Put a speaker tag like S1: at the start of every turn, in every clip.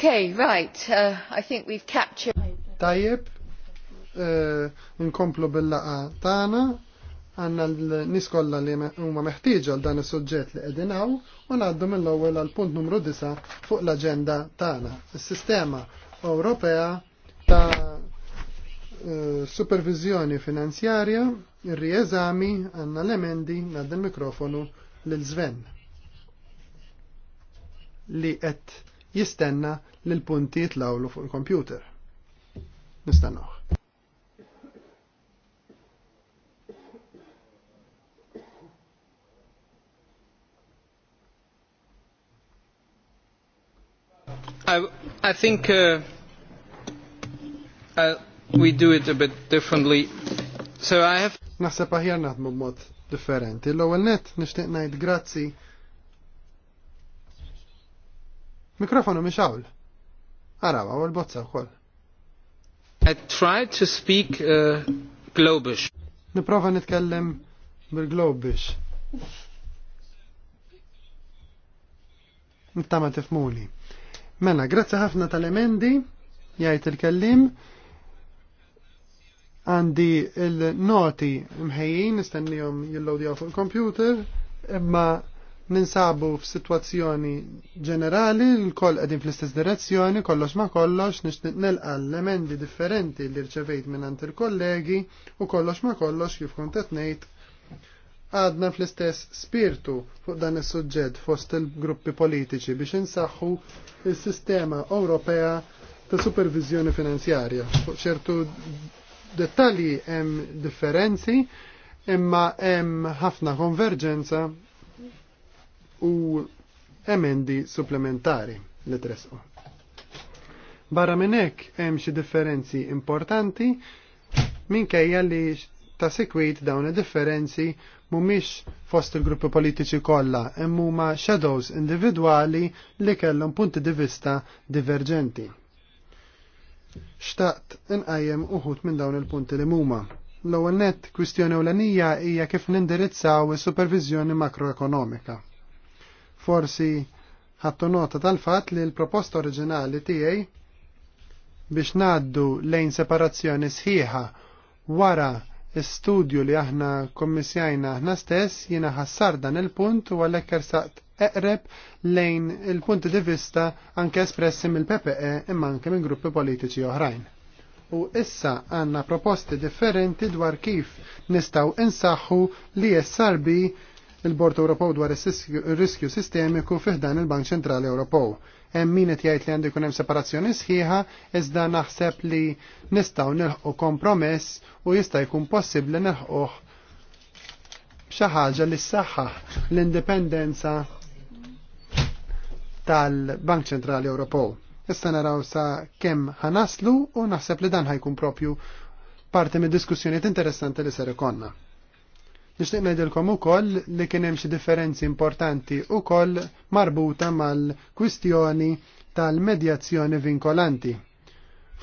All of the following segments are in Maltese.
S1: Okay, right. Uh, I think we've captured. Tajib.
S2: uh, nkomplu bil-laqa tagħna għanna l niskolla kollha li huma meħtieġa għal dan is-suġġett li qegħdin hawn u ngħaddu mill-ewwel għal punt numru 9 fuq l-aġenda tagħna. Is-sistema Ewropea ta' uh, supervizjoni finanzjarja, ir-rieżami għandna l-emendi ngħaddi l-mikrofonu lil Sven li qed jistenna li l-punti jitlawlu fuq il-kompjuter. Nistennuh. I, I think uh, uh, we do it a bit differently. So I have. Naħseb aħjar naħdmu mod differenti. l net nixtieq ngħid Mikrofonu mi xawl. Arawa u l-bozza wkoll. I tried to speak uh, globish. Niprofa nitkellem bil-globish. Nittama tifmuli. Mela, grazzi ħafna tal-emendi, jgħid il-kellim għandi il-noti mħejjin, nistennijom jillowdjaw fuq il-computer, imma ninsabu f'sitwazzjoni ġenerali l-koll qegħdin fl-istess direzzjoni, kollox ma kollox, nixtieq nelqa l-emendi differenti li rċevejt minn il-kollegi u kollox ma kollox kif kont nejt, ngħid għadna fl-istess spirtu fuq dan is-suġġett fost il-gruppi politiċi biex insaħħu il-sistema Ewropea ta' supervizjoni finanzjarja. Fuq ċertu dettalji hemm differenzi, imma hemm ħafna konverġenza u emendi supplementari li tresqu. Barra minn hekk hemm xi differenzi importanti minkejja li ta' sekwit dawn id-differenzi mhumiex fost il-gruppi politiċi kollha hemm huma shadows individwali li kellhom punti di vista diverġenti. Xtaqt inqajjem uħut minn dawn il-punti li huma. L-ewwel nett kwistjoni ewlenija hija kif nindirizzaw is-supervizjoni makroekonomika. Forsi ħattu nota tal-fatt li l-proposta oriġinali tiegħi biex naddu lejn separazzjoni sħiħa wara studju li aħna kommissjajna aħna stess jiena ħassar dan il-punt u għalhekk ersaqt eqreb lejn il-punti di vista anke espressi mill-PPE imma anke minn gruppi politiċi oħrajn. U issa għanna proposti differenti dwar kif nistaw insaħħu li SRB il-Bord Ewropew dwar ir-riskju sistemiku fiħdan il-Bank Ċentrali Ewropew. Hemm min qed jgħid li għandu jkun hemm separazzjoni sħiħa iżda naħseb li nistgħu nilħqu kompromess u jista' jkun possibbli nilħquh b'xi ħaġa li ssaħħaħ l-indipendenza tal-Bank Ċentrali Ewropew. Issa naraw sa kemm ħanaslu u naħseb li dan ħajkun propju parti mid diskussjonijiet interessanti li ser ikonna. Nixtieq ngħidilkom ukoll li kien hemm xi differenzi importanti koll marbuta mal-kwistjoni tal-medjazzjoni vinkolanti.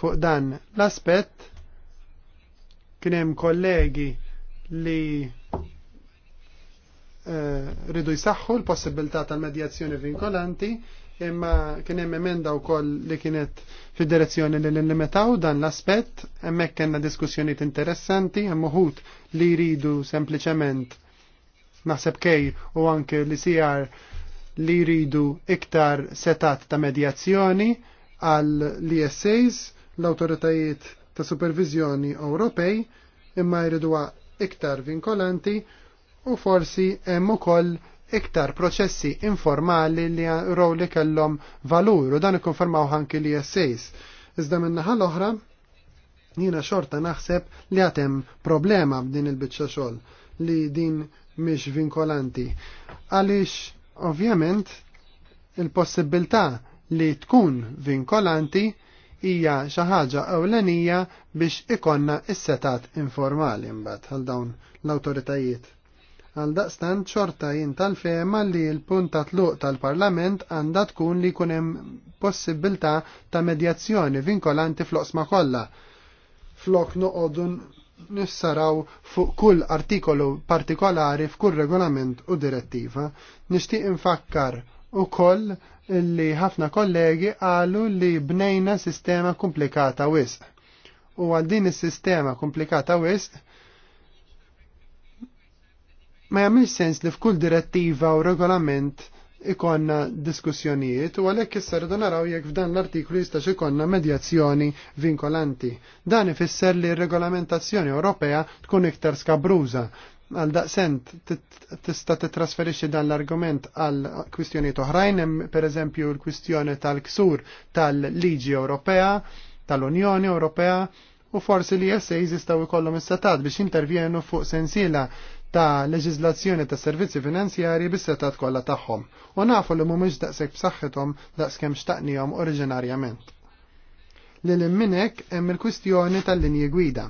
S2: Fuq dan l-aspett kien hemm kollegi li rridu eh, jisaxħu l-possibilità tal-medjazzjoni vinkolanti imma kien hemm emenda wkoll li kienet fid-direzzjoni li nlimitaw dan l-aspett, hemmhekk kellna diskussjonijiet interessanti, hemm uħud li jridu sempliċement naħseb kej u anke li sijar li jridu iktar setat ta' medjazzjoni għal l-ESAs, l-autoritajiet ta' supervizjoni Ewropej, imma jridu iktar vinkolanti u forsi hemm ukoll iktar proċessi informali li row li kellhom valur u dan ikkonfermaw ħanki li jessejs. Iżda minna l-oħra, jina xorta naħseb li għatem problema b'din il-bicċa xol li din miex vinkolanti. Għalix, ovvjament, il-possibilità li tkun vinkolanti hija xi ħaġa ewlenija biex ikonna is-setat informali mbagħad għal dawn l-awtoritajiet. Għal daqstan ċorta jien tal-fema li l-punt ta' tluq tal-Parlament għandha tkun li kunem possibilità ta' medjazzjoni vinkolanti fl-osma kollha. Flok noqogħdu nissaraw fuq kull artikolu partikolari f'kull regolament u direttiva. Nixtieq infakkar ukoll li ħafna kollegi qalu li bnejna sistema komplikata wisq. U għal din is-sistema komplikata wisq ma jagħmel sens li f'kull direttiva u regolament ikonna diskussjonijiet u għalhekk issa rridu naraw jekk f'dan l-artiklu jistax ikonna medjazzjoni vinkolanti. Dan ifisser li r-regolamentazzjoni Ewropea tkun iktar skabruża għal daqsent tista titrasferixxi dan l-argument għal kwistjonijiet oħrajn hemm pereżempju l-kwistjoni tal-ksur tal-liġi Ewropea, tal-Unjoni Ewropea u forsi li jessej jistgħu jkollhom is-setat biex intervjenu fuq sensiela ta' leġizlazzjoni ta' servizzi finanzjari bis-setat kollha tagħhom u nafu li mhumiex daqshekk b'saħħithom daqskemm xtaqnihom oriġinarjament. Lil minnek hemm il-kwistjoni tal-linji gwida.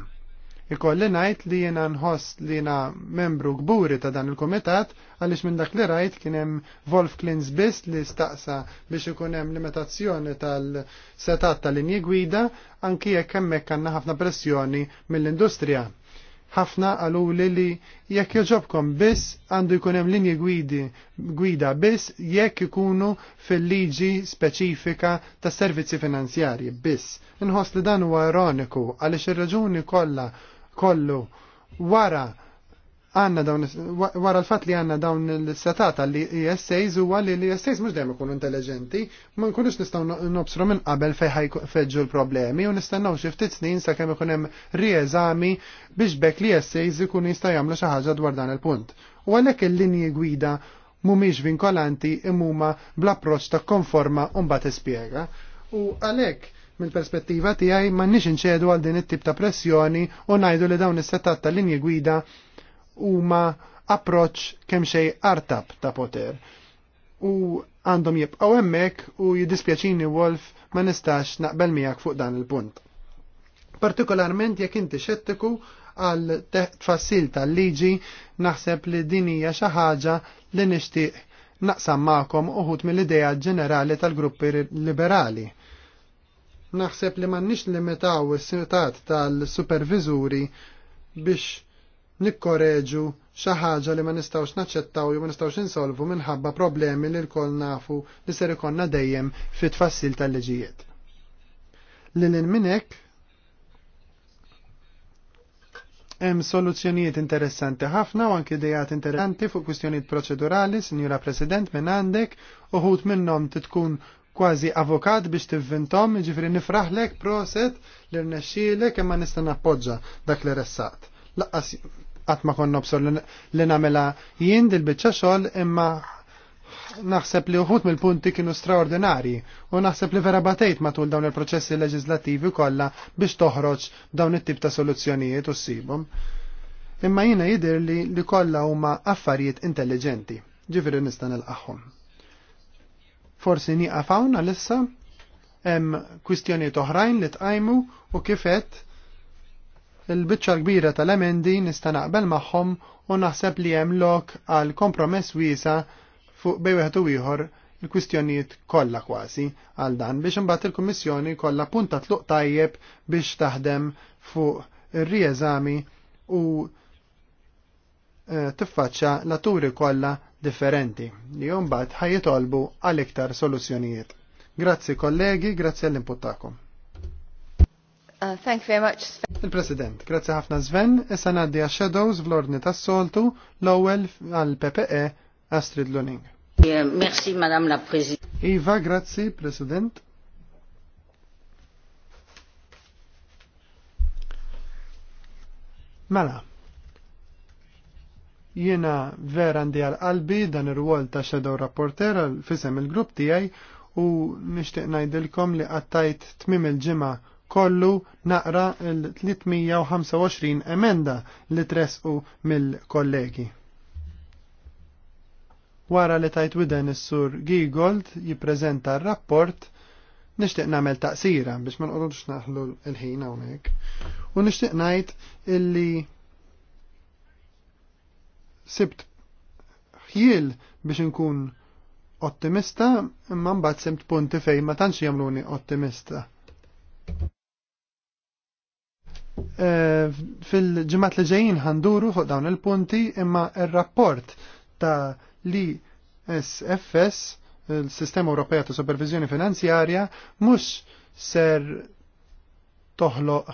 S2: Ikolli ngħid li jiena nħoss li jiena membru kburi ta' dan il-kumitat għaliex minn dak li rajt kien hemm Wolf Klins biss li staqsa biex ikun hemm limitazzjoni tal-setat tal-linji gwida anki jekk hemmhekk għandna ħafna pressjoni mill-industrija ħafna għalu li li jekk joġobkom biss għandu jkun hemm linji gwidi gwida biss jekk ikunu fil-liġi speċifika ta' servizzi finanzjarji biss. Inħoss li dan huwa ironiku għaliex ir-raġuni kollha kollu wara għanna dawn, wara l-fat li għanna dawn l-setata li ESAs u għalli li ESAs mux dajem ikunu intelligenti, ma nkunux nistaw nobsru minn qabel feġġu l-problemi u nistennaw xiftit snin sa' kem ikunem rieżami biex bek li ESAs ikunu jista' jagħmlu xi ħaġa dwar dan il-punt. U għalhekk il-linji gwida mhumiex vinkolanti imuma bl-approċċ ta' konforma u mbagħad ispjega. U għalhekk mill-perspettiva tiegħi m'għandniex inċedu għal din it-tip ta' pressjoni u ngħidu li dawn is-setat tal-linji gwida huma approċ kemm xej artab ta' poter. U għandhom jibqgħu hemmhekk u jiddispjaċini Wolf ma nistax naqbel miegħek fuq dan il-punt. Partikolarment jekk inti xettiku għal tfassil tal-liġi naħseb li din hija xi ħaġa li nixtieq naqsam magħkom uħud mill-idea ġenerali tal-gruppi liberali. Naħseb li nix limitaw is-sitat tal-superviżuri biex nikkoreġu xi ħaġa li ma nistgħux naċċettaw jew ma nistgħux insolvu minħabba problemi li lkoll nafu li ser ikonna dejjem fit-tfassil tal-liġijiet. Lil minn hekk hemm soluzzjonijiet interessanti ħafna u anke idejat interessanti fuq kwistjonijiet proċedurali, Sinjura President, minn għandek, uħut minnhom titkun kważi avokat biex tivvintom, ġifri nifraħlek proset li rnexxielek imma nista' nappoġġa dak li ressaqt. Laqqas qatt ma konna bsor li namela jien dil-biċċa xogħol imma naħseb li uħut mill-punti kienu straordinari u naħseb li vera batejt matul dawn il-proċessi leġislattivi kollha biex toħroġ dawn it-tip ta' soluzzjonijiet u ssibhom. Imma jiena jidir li li kollha huma affarijiet intelligenti, nistan nista' qaħum Forsi nieqaf hawn issa hemm kwistjonijiet oħrajn li tqajmu u kifet il-biċċa kbira tal-emendi nista' naqbel magħhom u naħseb li hemm lok għal kompromess wiesa fuq bej wieħed u ieħor il-kwistjonijiet kollha kważi għal dan biex imbagħad il-Kummissjoni kollha punta tluq tajjeb biex taħdem fuq ir-rieżami u eh, tiffaċċa laturi kollha differenti li mbagħad ħajjitolbu għal iktar soluzzjonijiet. Grazzi kollegi, grazzi għall-input tagħkom.
S1: Uh, thank you very much, Sven. Il-President,
S2: grazzi ħafna Sven, issa naddi għax Shadows vl-ordni tas-soltu l-ewwel għal PPE Astrid Luning. Merci,
S3: Madame la Présidente.
S2: Iva, grazzi, President. Mela, jiena vera għandi għal-qalbi dan ir-rwol ta' Shadow Rapporter għal fisem il-grupp tiegħi u nixtieq ngħidilkom li qattajt tmim il-ġimgħa kollu naqra l-325 emenda li tresqu mill-kollegi. Wara li tajt widen is-sur Gigold jippreżenta r-rapport, nixtieq nagħmel taqsira biex ma nqogħdux naħlu l-ħin hawnhekk. U nixtieq ngħid illi sibt ħjil biex nkun ottimista, imma mbagħad sibt punti fejn ma tantx jagħmluni ottimista. Eh, fil-ġimat li ġejjin ħanduru fuq dawn il-punti imma il rapport ta' li SFS, il-Sistema Ewropea ta' Supervizjoni Finanzjarja, mhux ser toħloq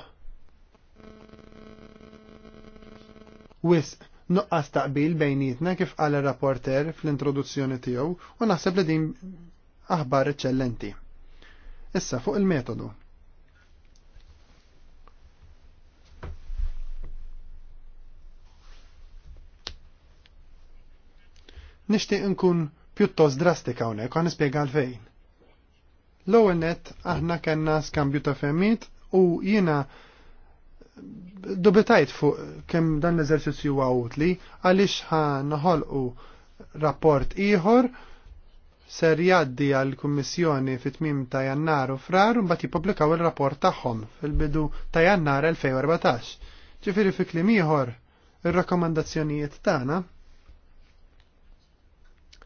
S2: wis nuqqas taqbil bejnietna kif qal il rapporter fl-introduzzjoni tiegħu u naħseb li din aħbar eċċellenti. Issa fuq il-metodu. Nixtieq nkun pjuttost drastika hawnhekk għan nispiega għalfejn. L-ewwel aħna kellna skambju ta' femmit u jiena dubitajt fuq kemm dan l-eżerċizzju huwa utli għaliex ħa rapport ieħor ser jaddi għal kummissjoni fit tmim ta' jannar u frar un bat jipublikaw il-rapport tagħhom fil-bidu ta' jannar 2014. Ġifiri fi klim ieħor, ir-rakkomandazzjonijiet tagħna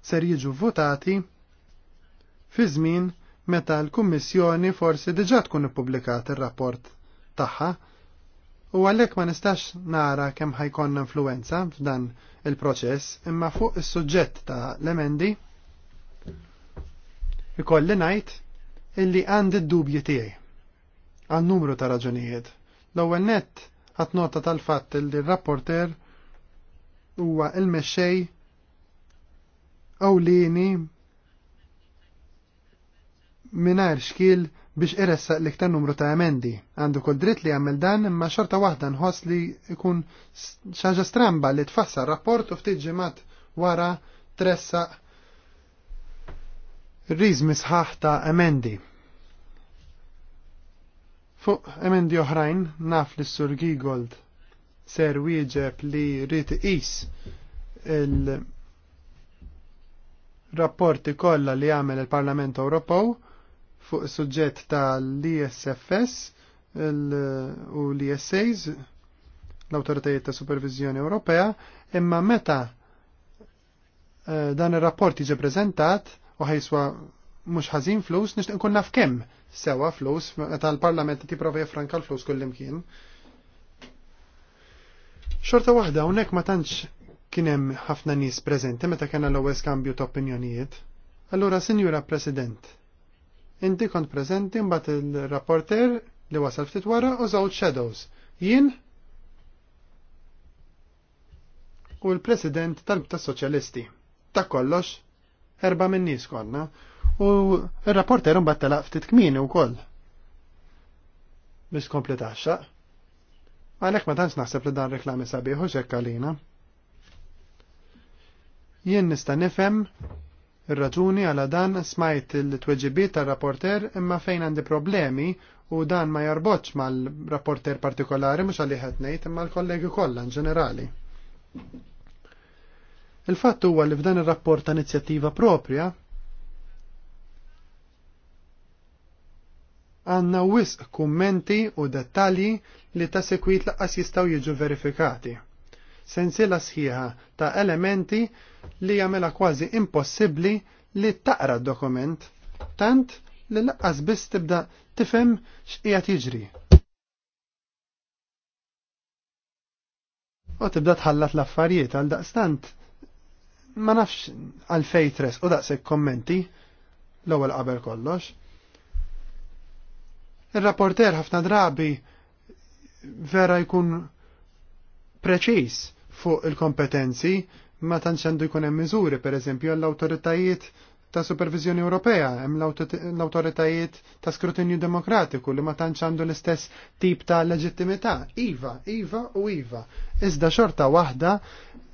S2: ser jiġu votati fi żmien meta l-Kummissjoni forsi diġà tkun ippubblikat ir-rapport tagħha u għalhekk ma nistax nara kemm ħajkonna influenza f'dan il-proċess imma fuq is-suġġett ta' l-emendi ikolli ngħid illi għandi d-dubji tiegħi għal numru ta' raġunijiet. L-ewwel nett ħadd nota tal-fatt li r-rapporter huwa il-mexxej awlini minar xkil biex iressaq l-iktar numru ta' emendi. Għandu kol dritt li għamil dan imma xorta waħda nħoss li ikun xaġa stramba li tfassa rapport u ftit ġemat wara tressa rizmi sħaħ ta' emendi. Fuq emendi oħrajn naf li s-sur Gigold ser wieġeb li rrit is il- rapporti kollha li għamel il-Parlament Ewropew fuq suġġett tal-ISFS u l-ISAs, l-Autoritajiet ta' Supervizjoni Ewropea, imma meta eh, dan ir-rapport jiġi preżentat u ħajswa mhux ħażin flus, nixtieq nkun naf kemm sewa flus, meta l-Parlament tipprova jifranka l-flus kullimkien. Xorta waħda, hawnhekk ma tantx kien hemm ħafna nies preżenti meta kena l-ewwel skambju ta' opinjonijiet. Allura, Sinjura President, inti kont preżenti mbagħad il-rapporter li wasal ftit wara u żewġ shadows. Jien u l-President tal-Bta Soċjalisti. Ta' kollox, erba' minn nies konna, u r-rapporter mbagħad telaq ftit kmieni wkoll. Biex kompletaxa. Għalhekk ma tantx naħseb li dan reklami sabiħu xekk għalina. Jien nista' nifhem ir-raġuni għala dan smajt il-tweġibiet tar-rapporter imma fejn għandi problemi u dan ma jarbotx mal-rapporter partikolari mhux għalli qed ngħid imma l-kollegi kollha in ġenerali. Il-fatt huwa li f'dan ir-rapport ta' inizjattiva propja għanna wisq kummenti u dettalji li ta' sekwit laqqas jistaw jiġu verifikati sensiela sħiħa ta' elementi li jamela kważi impossibbli li taqra d-dokument, tant li laqqas biss tibda tifhem x'qiegħed jiġri. U tibda tħallat l-affarijiet għal daqstant ma nafx għal fejtres u daqsek kommenti l-ewwel qabel kollox. Ir-rapporter ħafna drabi vera jkun preċis fuq il-kompetenzi ma tantx għandu jkun hemm miżuri pereżempju għall-awtoritajiet ta' supervizjoni Ewropea, hemm l-awtoritajiet ta' skrutinju demokratiku li ma tantx għandu l-istess tip ta' leġittimità. Iva, iva u iva. Iżda xorta waħda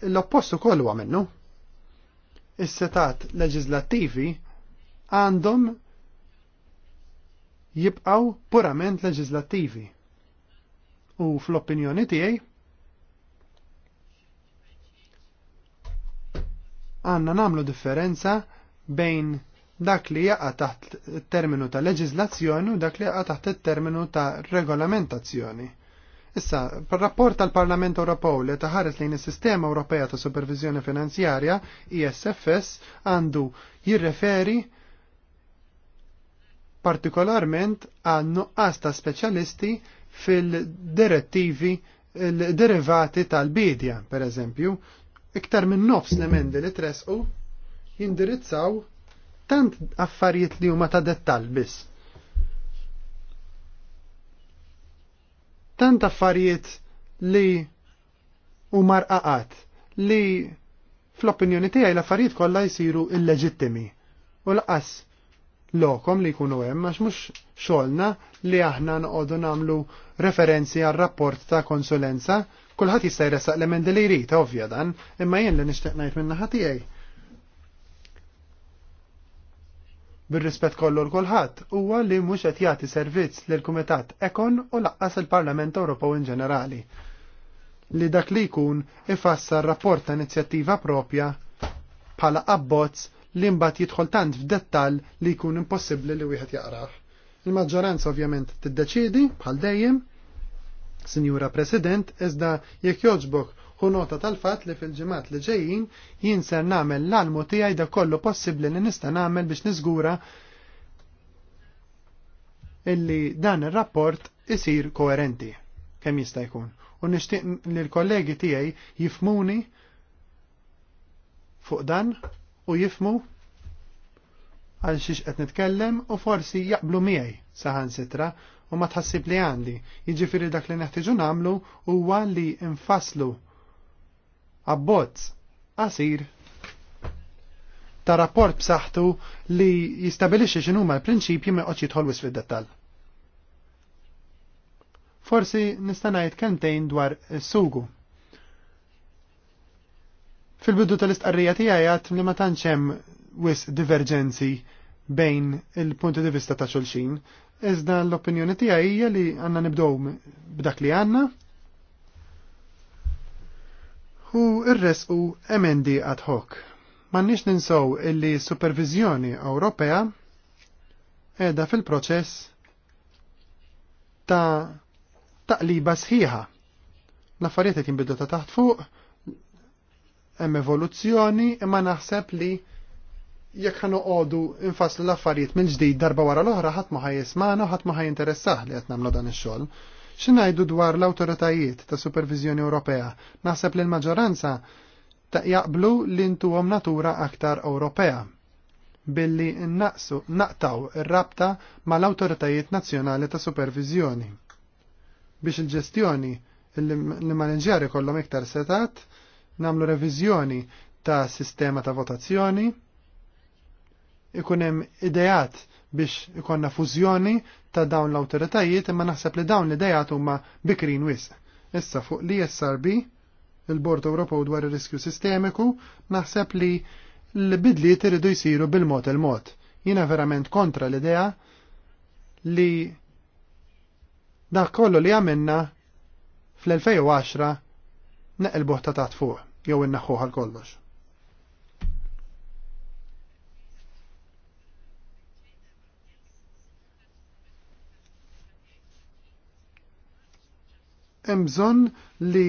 S2: l-oppostu kollu għamennu. Is-setat leġislattivi għandhom jibqaw purament leġislattivi. U fl-opinjoni tiegħi għanna namlu differenza bejn dak li jaqa taħt terminu ta' leġizlazzjoni u dak li jaqa taħt terminu ta' regolamentazzjoni. Issa, rapport tal-Parlament Ewropew li taħares lejn is-Sistema Ewropea ta' Supervizjoni Finanzjarja, ISFS, għandu jirreferi partikolarment għan nuqqas ta' speċjalisti fil-direttivi derivati tal-bidja, per eżempju, iktar minn nofs l-emendi li tresqu jindirizzaw tant affarijiet li huma ta' dettal biss. Tant affarijiet li huma rqaqat li fl-opinjoni tiegħi l-affarijiet kollha jsiru illeġittimi u laqas lokom li jkunu hemm għax mhux xogħolna li aħna noqogħdu nagħmlu referenzi għal rapport ta' konsulenza, kulħadd jista' jressaq l-emendi li jrid ovvja dan, imma jien li nixtieq ngħid minn naħa tiegħi. Bir-rispett kollu l-kulħadd huwa li mhux qed jagħti servizz lil kumitat Ekon u laqqas il-Parlament Ewropew in ġenerali. Li dak li jkun ifassar rapport ta' inizjattiva propja bħala abbozz li mbagħad jidħol tant f'dettall li jkun impossibbli li wieħed jaqrah. Il-maġġoranza ovvjament tiddeċidi bħal dejjem, Sinjura President, iżda jekk joġbok hu nota tal-fatt li fil-ġimgħat li ġejjin jien ser nagħmel l-almu tiegħi da kollu possibbli li nista' nagħmel biex niżgura illi dan ir-rapport isir koerenti kemm jista' jkun. U nixtieq li l-kollegi tiegħi jifmuni fuq dan u jifmu għal xiex qed nitkellem u forsi jaqblu miegħi saħan sitra u ma tħassib li għandi. Jiġifieri dak li neħtieġu nagħmlu huwa li nfasslu abbozz qasir ta' rapport b'saħħtu li jistabilixxi x'inhuma l-prinċipji ma jqgħodx jitħolwis fid-dettall. Forsi nista' ngħid kemmtejn dwar is-sugu. Fil-bidu tal-istqarrija tiegħi għat li ma tantx hemm wis diverġenzi bejn il-punti di vista ta' xulxin, iżda l-opinjoni tiegħi hija li għandna nibdew b'dak li għandna u irresqu emendi ad hoc. Mannix ninsow illi supervizjoni Ewropea edha fil-proċess ta' taqliba sħiħa. L-affarijiet qed jinbidlu ta' taħt fuq hemm evoluzzjoni imma naħseb li jekk ħanu għodu infaslu l-affarijiet mill ġdid darba wara l-oħra ħadd ma ħajjismana u ħadd ma ħajinteressah li qed nagħmlu dan ix-xogħol. X'ingħidu dwar l-awtoritajiet ta' Supervizjoni Ewropea? Naħseb li l-maġġoranza ta' jaqblu li ntuhom natura aktar Ewropea billi naqsu naqtaw ir-rabta mal-awtoritajiet nazzjonali ta' supervizjoni. Biex il-ġestjoni l manaġġjari kollhom iktar setat, namlu reviżjoni ta' sistema ta' votazzjoni, ikun hemm idejat biex ikonna fużjoni ta' dawn l-awtoritajiet imma naħseb li dawn l-idejat huma bikrin wisq. Issa fuq li SRB, il-Bord Ewropew dwar ir-riskju sistemiku, naħseb li l-bidliet iridu jsiru bil-mod il-mod. Jiena verament kontra l-idea li dak kollu li għamilna fl-2010 neqilbuħ ta' taħt fuq jew inneħħuħa għal kollox Hemm bżonn li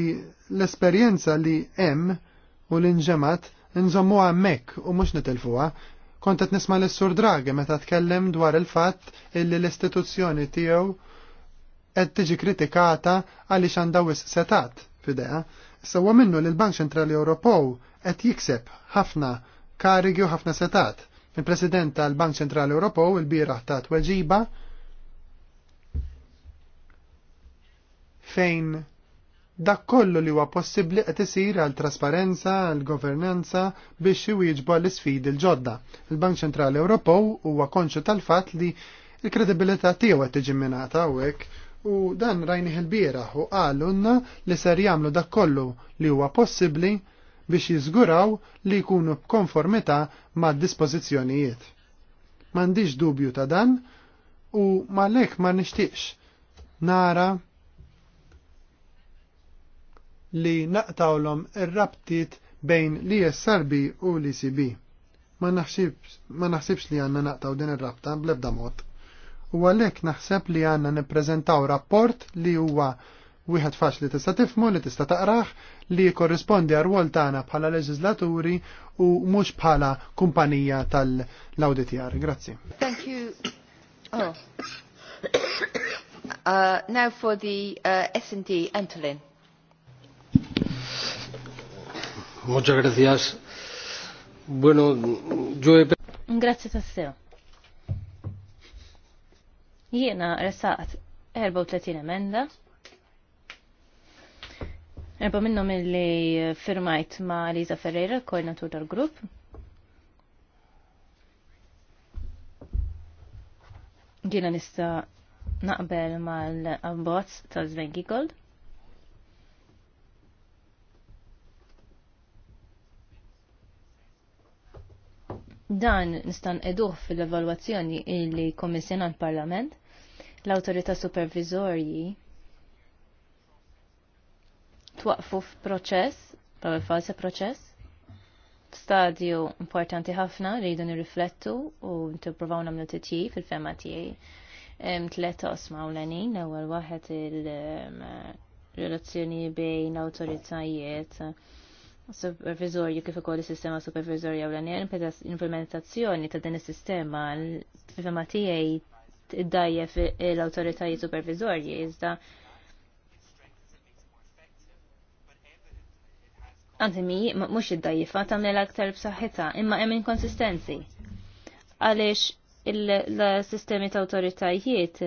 S2: l-esperjenza li hemm u l-inġemat nżommu hemmhekk u mhux nitilfuha kont qed nisma' lis-Sur Draghi meta tkellem dwar il-fatt illi l-istituzzjoni tiegħu qed tiġi kritikata għaliex għandha wisq setat f'idea Sewa minnu li l-Bank Ċentrali Ewropew qed jikseb ħafna karigi u ħafna setat. Il-President tal-Bank Ċentrali Ewropew il-bieraħ ta' tweġiba fejn dak kollu li huwa possibbli qed isir għal trasparenza, għal governanza biex iwieġbu għall isfidi l-ġodda. Il-Bank Ċentrali Ewropew huwa konxu tal-fatt li l-kredibilità tiegħu qed tiġi minata hekk u dan rajni il-bieraħ u għalunna li ser jagħmlu dak kollu li huwa possibbli biex jiżguraw li jkunu b'konformità mad dispożizzjonijiet. M'għandix dubju ta' dan u malek ma nishtiqx nara li naqtawlom ir-rabtit bejn li jessarbi u li sibi. Ma naħsibx li għanna naqtaw din ir-rabta blebda mod u għalhekk naħseb li għandna niprezentaw rapport li huwa wieħed faċli tista' tifmu li tista' taqrah li korrispondi għar rwol tagħna bħala leġislaturi u mhux bħala kumpanija tal-awditjar. Grazzi.
S1: Thank you. Oh. Uh, now for the uh, S&D Antolin.
S3: Muchas gracias. Bueno, yo he...
S4: Grazie tassew. Jiena resaqt 34 emenda. Erba minnom illi firmajt ma Liza Ferreira, koordinatur tal-grupp. Jiena nista naqbel mal-abbozz ta' Sven Gold. Dan nistan eduħ fil-evaluazzjoni illi kommissjona parlament l autorita supervizorji twaqfu f'proċess, proċess ewwel falsa proċess, f'stadju importanti ħafna li jidun nirriflettu u ntippruvaw nagħmlu titjib fil-fema tiegħi. Tlet osma u l-għanin, l-ewwel waħed il-relazzjoni bejn awtoritajiet supervizorju kif ukoll is-sistema supervizorja u l-għanin, implementazzjoni ta' din is-sistema fil-fema tiegħi id-dajjef l-autoritajiet supervizorji, iżda għantimi mux id-dajjifa l aktar b'saħħitha, imma hemm inkonsistenzi. Għaliex il-sistemi ta' autoritajiet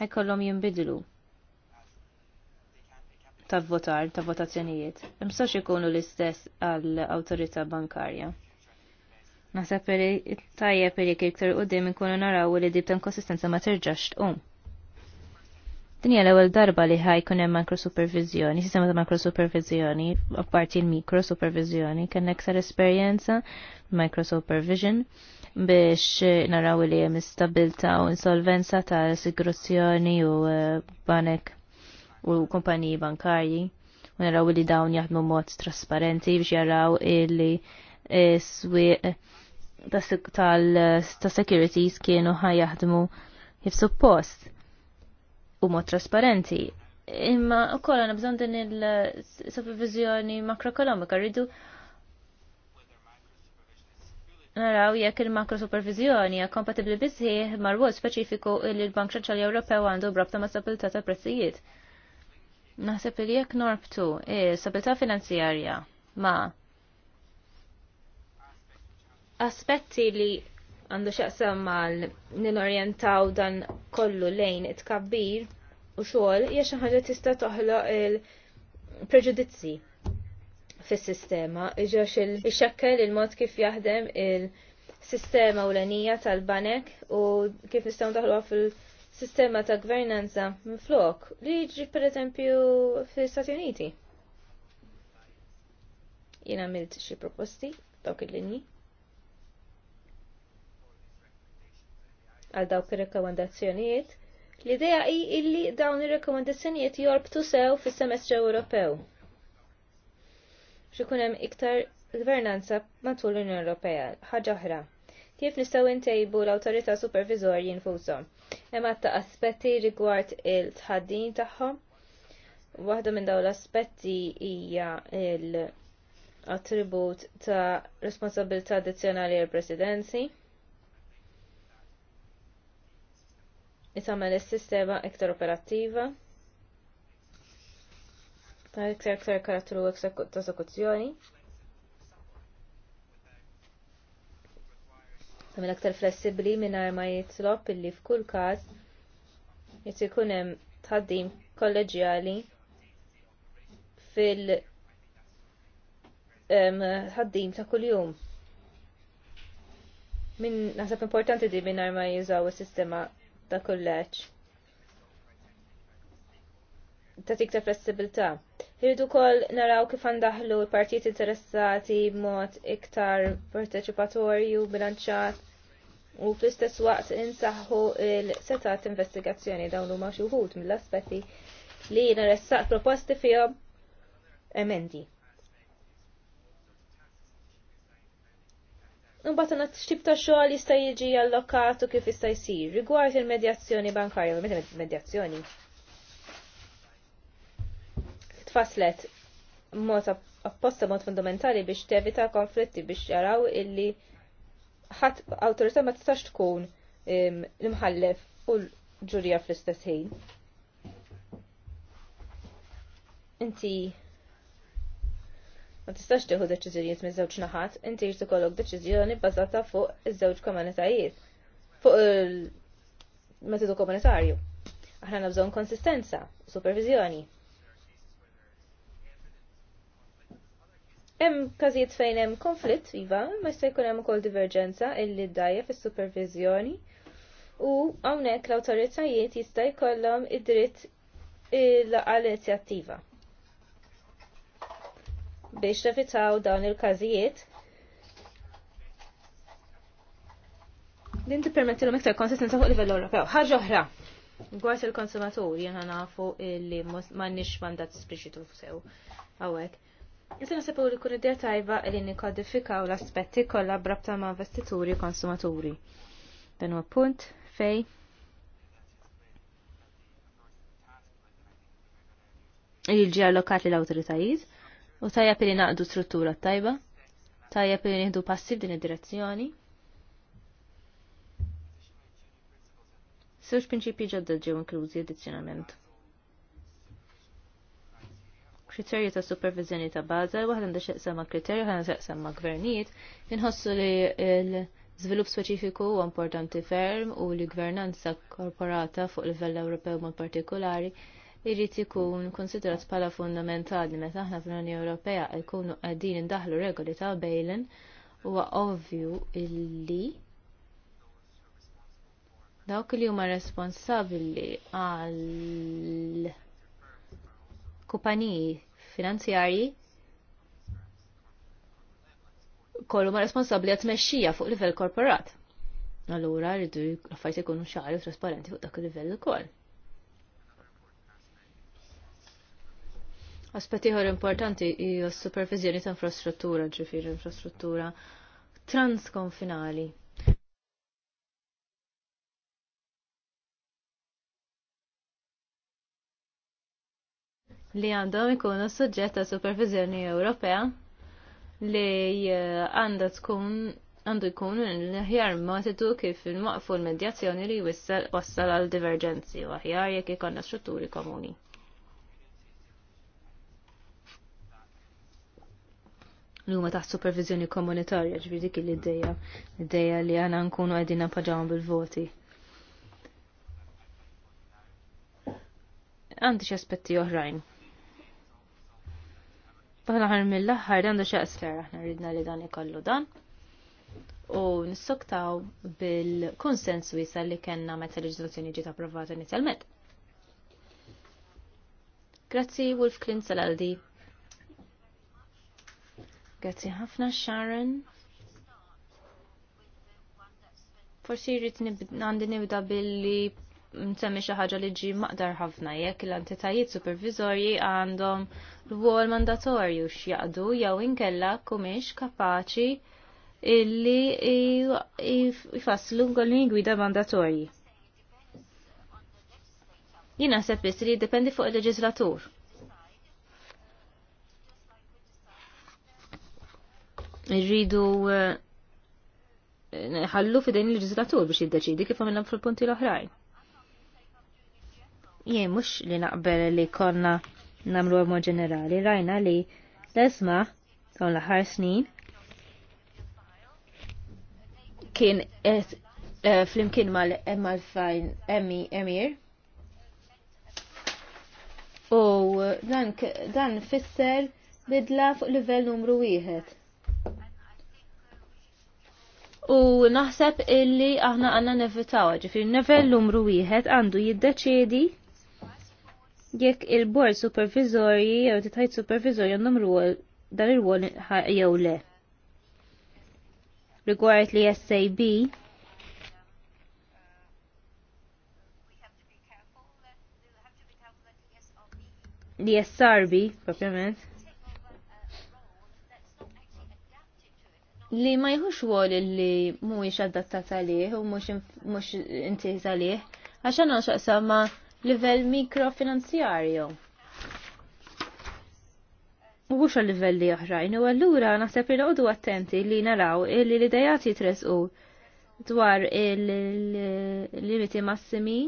S4: ħajkollhom jinbidlu ta' votar, ta' votazzjonijiet. Imsax ikunu l-istess għall awtorità bankarja. Nasab li tajjeb li u qudiem ikunu naraw li dib ta' konsistenza ma terġax tqum. Din hija l-ewwel darba li ħajkun hemm makrosupervizjoni, sistema ta' makrosupervizjoni, apparti l-mikrosupervizjoni, kien aktar esperjenza microsupervision biex naraw li hemm istabilta u insolvenza ta' assigurazzjoni u eh, banek u kumpaniji bankarji u naraw li dawn jaħdmu mod trasparenti biex jaraw illi eh, swieq tal-securities kienu ħajjaħdmu jif post u mod trasparenti. Imma u kolla nabżon din il-supervizjoni makroekonomika rridu naraw jekk il-makro supervizjoni hija kompatibbli biżħieħ mar-rwol speċifiku li l-Bank Ċentrali Ewropew għandu brabta ma' stabilità ta' prezzijiet. Naħseb li jekk norbtu eh, stabilità finanzjarja ma' aspetti li għandu xaqsam mal nil-orientaw dan kollu lejn it-kabbir u xogħol hija xi ħaġa tista' toħloq il-preġudizzi fis-sistema, iġax il-xekkel il-mod kif jaħdem il-sistema l-anija tal-banek u kif nistgħu daħluha fil-sistema ta' gvernanza minn flok li jiġri pereżempju fl-Istati Uniti. Jiena għamilt xi proposti dawk il-linji. għal dawk ir-rekomandazzjonijiet. L-idea hi illi dawn ir-rekomandazzjonijiet jorbtu sew fis-semestru Ewropew. Xi hemm iktar gvernanza matul l-Unjoni Ewropea, ħaġa oħra. Kif nistgħu ntejbu l-awtorità supervizorji nfushom? Hemm ta' aspetti rigward il-tħaddin tagħhom. Waħda minn dawn l-aspetti hija l attribut ta' responsabilità addizzjonali għall presidenzi li tagħmel is-sistema iktar operattiva ta' iktar iktar karattru ta' esekuzzjoni. T'amil aktar flessibbli mingħajr ma jitlob illi f'kull każ jrid ikun hemm tħaddim kolleġjali fil ħaddim ta' kuljum. Min naħseb importanti di minn ma jużaw is-sistema ta' kollaċ. Ta' tikta flessibilta. Irridu kol naraw kif għandahlu partijiet interessati b'mod iktar parteċipatorju bilanċat u fl-istess waqt insaħħu il-setat investigazzjoni dawn huma xi wħud mill-aspetti li ressaq proposti fihom emendi. Imbagħad għandna x'tip ta' xogħol jista' jiġi allokat u kif jista' jsir rigward il-medjazzjoni bankarja, meta medjazzjoni. Tfaslet mot apposta mod fundamentali biex tevita konflitti biex jaraw illi ħadd awtorità ma tistax tkun l-imħallef u l-ġurija fl-istess ħin. Inti Ma tistax tieħu deċiżjonijiet minn żewġ naħat, inti jrid ikollok deċiżjoni bbażata fuq iż-żewġ komunitajiet, fuq il-metodu komunitarju. Aħna nabżon konsistenza, supervizjoni. Hemm każijiet fejn hemm konflitt iva, ma jista' jkun hemm ukoll diverġenza illi ddajja fis-supervizjoni u hawnhekk l-awtoritajiet jista' jkollhom id-dritt għal inizjattiva biex tevitaw dawn il-każijiet. Din permetti l-om iktar konsistenza fuq livell Ewropew. Ħaġa oħra. Gwart il-konsumatur jena nafu li mannix mandat spiċitu sew għawek. Issa nasibu li kun id tajba li nikodifikaw l-aspetti kollha brabta ma' investituri u konsumaturi. Dan huwa punt fej il-ġi allokati l-autoritajiet U tajja li naqdu struttura tajba, tajja li nieħdu passi f'din id-direzzjoni. Sewx prinċipji ġodda ġew inklużi addizzjonament. Kriterju ta' supervizjoni ta' baza, waħda għandha xeqsama kriterju, ħana xeqsama gvernijiet, inħossu li l żvilupp speċifiku huwa importanti ferm u li gvernanza korporata fuq livell Ewropew mod partikolari irrid ikun konsiderat bħala fundamentali meta aħna fl-Unjoni Ewropea jkunu qegħdin indaħlu regoli ta' bejlen huwa ovvju illi dawk li huma responsabbli għal kumpaniji finanzjarji kollu ma responsabbli għat mexxija fuq livell korporat. Allura rridu affarijiet ikunu xari u trasparenti fuq dak il-livell ukoll. Aspetti ieħor importanti hija s-supervizjoni ta' infrastruttura, ġifir infrastruttura transkonfinali. Li għandhom ikunu suġġett ta' supervizjoni Ewropea li eh, għandha tkun għandu jkun l-ħjar matitu kif il-maqfu l-medjazzjoni li wassal għal divergenzi u aħjar jekk ikonna strutturi komuni. l huma taħt supervizjoni komunitarja ġifieri dik l-idea, l-idea li għana nkunu għedina nampaġawhom bil-voti. Għandi xi aspetti oħrajn. Baħna ħar mill-aħħar għandu xi asfer aħna rridna li dan ikollu dan. U nissoktaw bil-konsens wiesa li kellna meta l-leġiżlazzjoni ġiet approvata inizjalment. Grazzi Wolf Klintz għal Grazzi ħafna Sharon. Forsi jrid għandi nibda billi nsemmi xi ħaġa li ġi maqdar ħafna jekk l antitajiet supervizorji għandhom rwol mandatorju x'jaqdu jew inkella kumiex kapaċi illi jfasslu golni gwida mandatorji. Jina sepp li dipendi fuq il-leġislatur Irridu eh, ħallu f'din il-ġizlatur biex jiddeċidi kif għamilna fil-punti l-oħrajn. Jien mhux li naqbel li konna namlu għamu ġenerali, rajna li l-esma kon l snin kien eh, flimkien mal-fajn emmi emir. U eh, dan fisser bidla fuq livell numru wieħed. U naħseb illi aħna għanna nevitaw, ġifiri nevel numru wieħed għandu jiddeċedi jekk il-bord supervisorji jew titħajt supervizorji għandhom rwol dan ir-rwol jew le. Rigward li SAB li SRB, propjament, li ma jħux għol li mhuwiex adattat għalih u mhux intiż għalih għax għandna xaqsam livell mikrofinanzjarju. U mhux għal livelli oħrajn u allura naħseb li noqogħdu attenti li naraw li l-idejat jitresqu dwar il-limiti massimi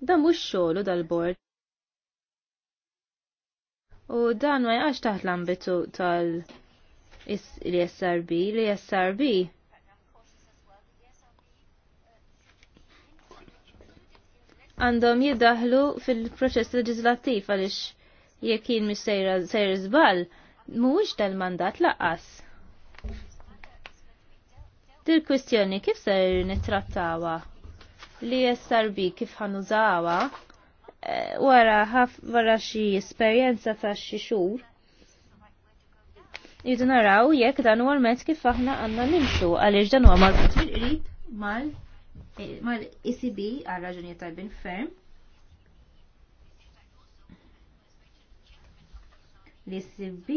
S4: dan mhux xogħol dal-bord u dan ma jgħax taħt l-ambitu tal-ISRB, l-ISRB għandhom jiddaħlu fil-proċess leġislattiv għaliex jekk mis sejra żball mhuwiex tal-mandat laqqas. Dil kwistjoni kif ser nittrattawa? l SRB kif ħanużawa? Eh, wara ħaf wara xi esperjenza ta' xi xhur. Jidu naraw jekk dan huwa l-mezz kif aħna għandna nimxu għaliex dan huwa marbut mill-qrib mal eh, mal ECB għal raġunijiet tajbin ferm. L-ECB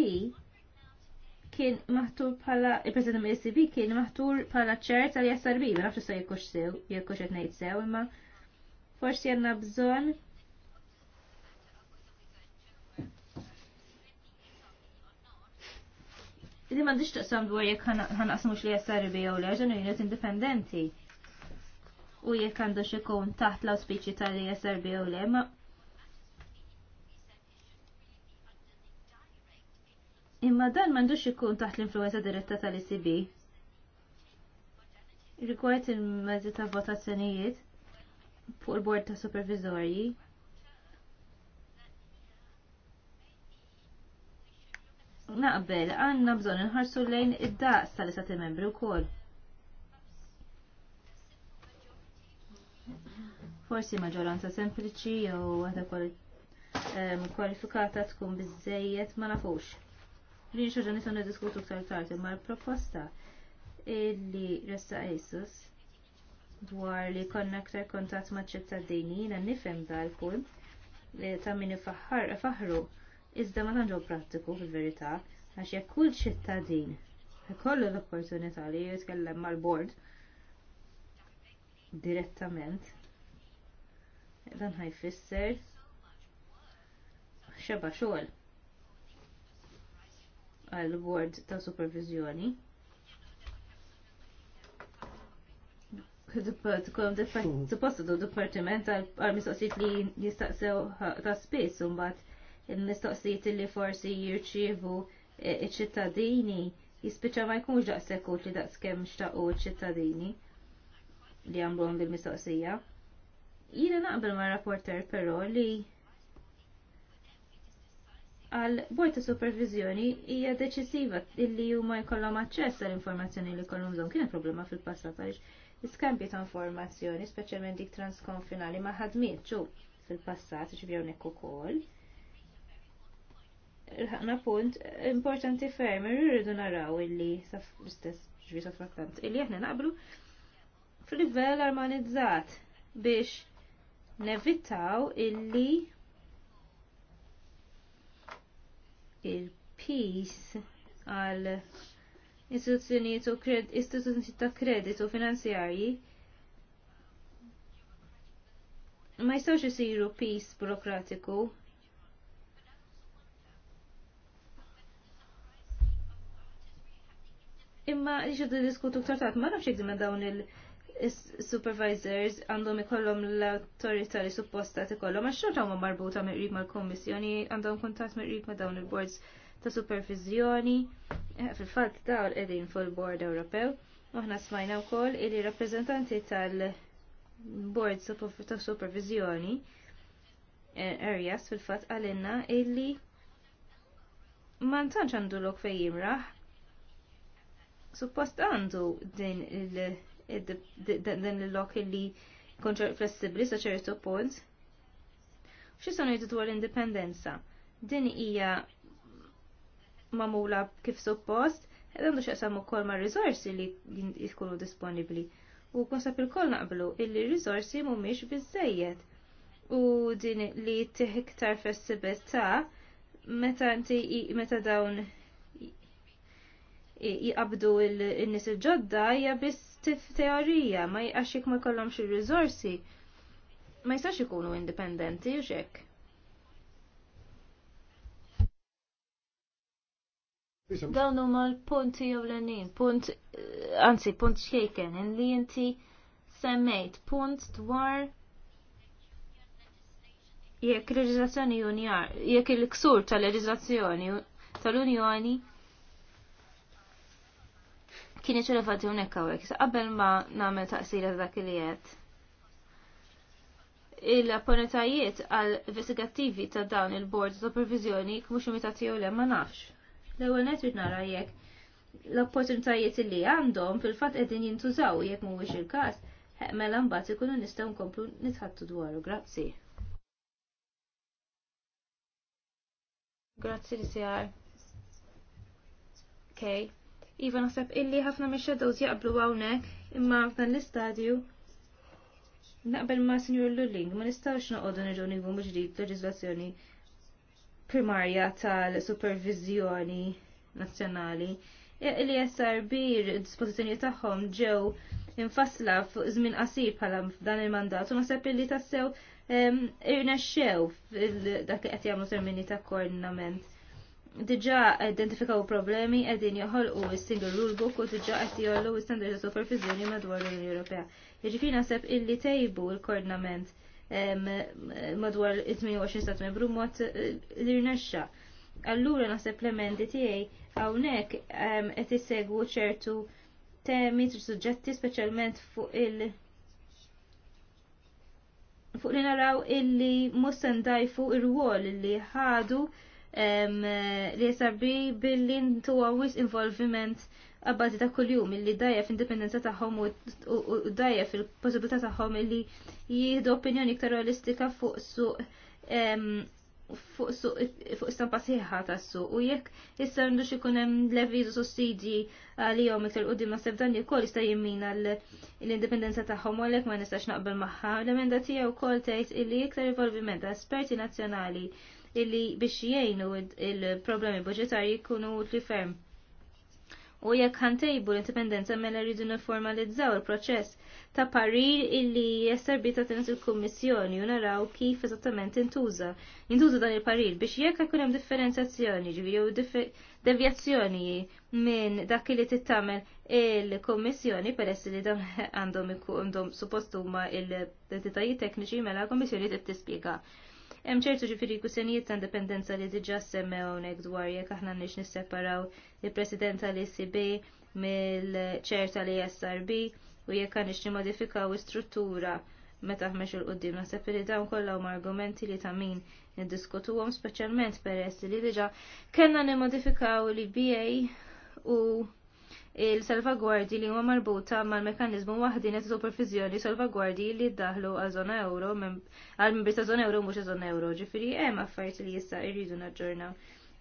S4: kien maħtur bħala il-President mill-ECB kien maħtur bħala ċer tal esrb ma nafx se jekkux sew, jekkux qed ngħid sew, imma forsi għandna bżonn Li m'għandix taqsam dwar jekk ħanaqsmux li jassar bi jew le u jenet indipendenti. U jekk għandux ikun taħt l uspiċi tal-li jassar bi jew le, ma Imma dan m'għandux ikun taħt l-influenza diretta tal icb Rikwajt il-mezzi ta' votazzjonijiet fuq il-bord ta' supervizorji, naqbel għanna bżon nħarsu lejn id-daqs tal-istati membri u kol. Forsi maġoranza sempliċi jew għada kwalifikata tkun bizzejiet ma nafux. Rin xoġan nisun diskutu ktar tard imma l-proposta illi resta Jesus dwar li konna ktar kontat ma' ċittadini jina nifem dal kull ta' min faħru. Iżda ma tantx prattiku fil-verità għax jekk kull ċittadin kollu l-opportunità li jitkellem mal-bord direttament dan ħajfisser xeba xogħol għall bord ta' supervizjoni. Supposta du dipartiment għal mistoqsijiet li jistaqsew ta' spess mbagħad il-mistoqsijiet li forsi jirċievu e, iċ-ċittadini jispiċċa ma jkunx daqshekk li daqskemm xtaqu ċ-ċittadini li għamluhom bil-mistoqsija. Jiena naqbel ma' rapporter però li għal bord ta' supervizjoni hija deċisiva illi huma jkollhom aċċess għall informazzjoni li jkollhom bżonn kien problema fil-passat għaliex iskambju ta' informazzjoni speċjalment dik transkonfinali ma ħadmiet fil-passat ġbjew nekk ukoll il-ħakna punt importanti ferm, irridu naraw illi saf istess ġvi safrattant, illi aħna naqblu fil-livell armonizzat biex nevitaw illi il-peace għal istituzzjonijiet u istituzzjonijiet ta' kreditu finanzjarji ma jistawx isiru peace burokratiku Imma li xoddu diskutu ktar taħt ma nafx jgħidna dawn il-supervisors għandhom ikollhom l autorita li supposta tikollhom għax xorta huma marbuta miqrib mal-kommissjoni għandhom me rrib ma' dawn il-boards ta' supervizjoni eh, fil-fatt dawn qegħdin fuq il-Bord Ewropew. Aħna smajna wkoll li rappreżentanti tal board ta' Supervizjoni eh, Arias fil-fatt għalinna illi ma ntantx għandu lok fej jimraħ suppost għandu din il-lok li konċer flessibli sa ċertu punt. X'issa ngħidu dwar indipendenza? Din hija mamula kif suppost, għandu x'aqsam ukoll ma' risorsi li jkunu disponibbli. U konsab il kol naqblu rizorsi risorsi mhumiex biżejjed. U din li tih iktar meta dawn jiqabdu il-nis il-ġodda hija biss teorija, ma għax ma jkollhomx ir-riżorsi. Ma jistax ikunu indipendenti u xek. Dawn huma l-punti jew l-għanin, punt, anzi, punt xejken, li inti semmejt, punt dwar jekk leġislazzjoni unjar, jekk il-ksur tal-leġislazzjoni tal-Unjoni kienet relevanti unek għawek. Sa' qabel ma' namel taqsira dak li jett. Il-apponetajiet għal-investigativi ta' dawn il-bord ta' supervizjoni kmux imitati u ma' nafx. L-ewel net nara jekk l-opportunitajiet li għandhom fil-fat edin jintużaw jekk mhuwiex il-każ, mela mbagħad ikunu nistgħu nkomplu nitħattu dwaru. Grazzi. Grazzi li sjar. Okay. Iva naħseb illi ħafna mix shadows jaqblu hawnhekk imma f'dan l-istadju naqbel ma' Sinjur Lulling ma nistgħux noqogħdu nirġgħu nigbu miġdid leġiżlazzjoni primarja tal-supervizjoni nazzjonali jessar bir dispożizzjonijiet tagħhom ġew infassla fuq żmien qasir bħala f'dan il-mandat u naħseb illi tassew irnexxew dak li qed jagħmlu termini ta' koordinament diġa identifikaw problemi qegħdin joħolqu s-single rulebook u diġa qed u standard ta' supervizjoni madwar l-Unjoni Ewropea. Jiġifieri naħseb illi tejbu l-koordinament madwar 28 stat membru mod eh, li rnexxa. Allura naħseb l-emendi tiegħi hawnhekk qed isegwu ċertu temi suġġetti speċjalment fuq il- fuq li naraw illi mhux dajfu ir-wol illi ħadu li jisarbi billi ntu għawis involviment għabbażi ta' kuljum illi dajja f'indipendenza tagħhom u dajja fil-possibilità tagħhom illi jihdu opinjoni iktar realistika fuq suq fuq stampa ta' su u jekk issa għandu ikun hemm leviz u sussidji għalihom iktar qudiem naħseb dan ukoll jista' jimmina l-indipendenza tagħhom u għalhekk ma nistax naqbel magħha. L-emenda tiegħu wkoll tgħid illi iktar involviment ta' esperti nazzjonali illi biex jgħinu il-problemi budgetari jkunu utli ferm. U jekk ħantejbu l-indipendenza mela rridu niformalizzaw il-proċess ta' parir illi ta' tenut il-Kummissjoni u naraw kif eżattament intuża. Intuża dan il-parir biex jekk ikun hemm differenzjazzjoni, ġifieri devjazzjoni minn dak li tittamel il-Kommissjoni peress li dan għandhom għandhom suppost huma il-detitajiet tekniċi mela l-Kommissjoni tittispjega Hemm ċertu ġifieri kusenijiet ta' indipendenza li diġà semmew hawnhekk dwar jekk aħna nix nisseparaw il-President tal-ECB mill ċerta tal-ESRB u jekk għandix nimmodifikaw istruttura meta ħmex il qoddim naħseb li dawn kollha huma argumenti li ta' min niddiskutuhom speċjalment peress li diġà kellna nimmodifikaw li BA u il-salvagwardi li huma marbuta mal-mekanizmu waħdin ta' supervizjoni salvagwardi li ddaħlu għal żona euro għal membri ta' zona euro mhux zona euro, ġifieri hemm affarijiet li issa jridu naġġornaw.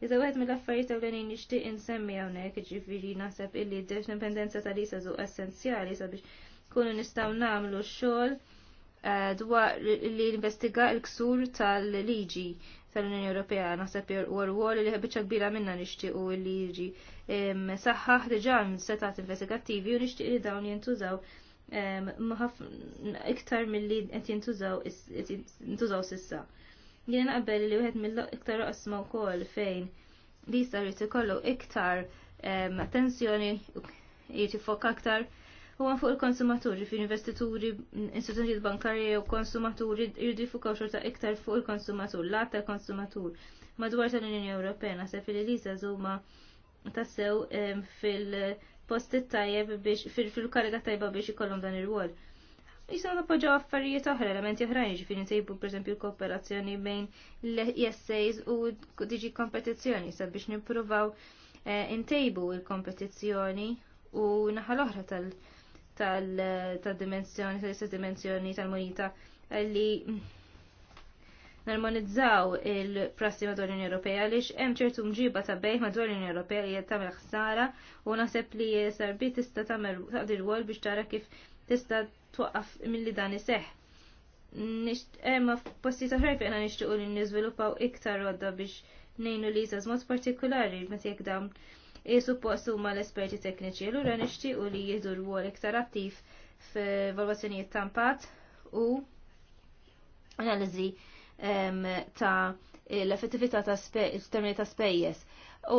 S4: Iżda wieħed mill-affarijiet ewlenin nixtieq insemmi hawnhekk, ġifieri naħseb illi d-dependenza ta' li żu essenzjali sabiex kunu nistgħu nagħmlu x-xogħol eh, dwar li investiga l-ksur tal-liġi tal-Unjoni Ewropea naħseb huwa rwol li ħebiċċa kbira minna nixtiequ li jiġi saħħaħ diġà setat investigattivi u nixtieq li dawn jintużaw iktar milli qed jintużaw sissa. Jien naqbel li wieħed mill-iktar qasma wkoll fejn li jista' jrid ikollu iktar attenzjoni jiġi fokk aktar u għan fuq il-konsumaturi, fi investituri, istituzzjonijiet bankarji u konsumaturi jridu jifukaw xorta iktar fuq il-konsumatur, l-għat konsumatur Madwar tal-Unjoni Ewropea, nasa fil elisa zuma tassew fil-postit tajjeb biex, fil-kariga tajba biex ikollhom dan il-wol. Jisan appoġġaw affarijiet oħra, elementi oħrajn, ġifiri nsejbu per esempio kooperazzjoni bejn l-ESAs u diġi kompetizzjoni, sabiex nippruvaw eh, intejbu il-kompetizzjoni u naħal oħra tal- tal-dimensjoni, tal-istess dimensjoni tal-monita li narmonizzaw il-prassi madwar l-Unjoni Ewropea għaliex hemm ċertu mġiba ta' bejħ madwar l-Unjoni Ewropea li qed tagħmel ħsara u naħseb li sarbi tista' tagħmel taqdi rwol biex tara kif tista' twaqqaf milli dan iseħħ. Hemm eh, posti ta' ħrejn fejn nixtiequ li niżviluppaw iktar rodda biex ngħinu li jizazmot partikolari meta jekk dawn E suppost huma l-esperti tekniċi l nixtiequ li l rwol iktar attiv f'valwazzjonijiet ta' impatt u analiżi ta' l-effettività ta' termini ta' spejjeż. U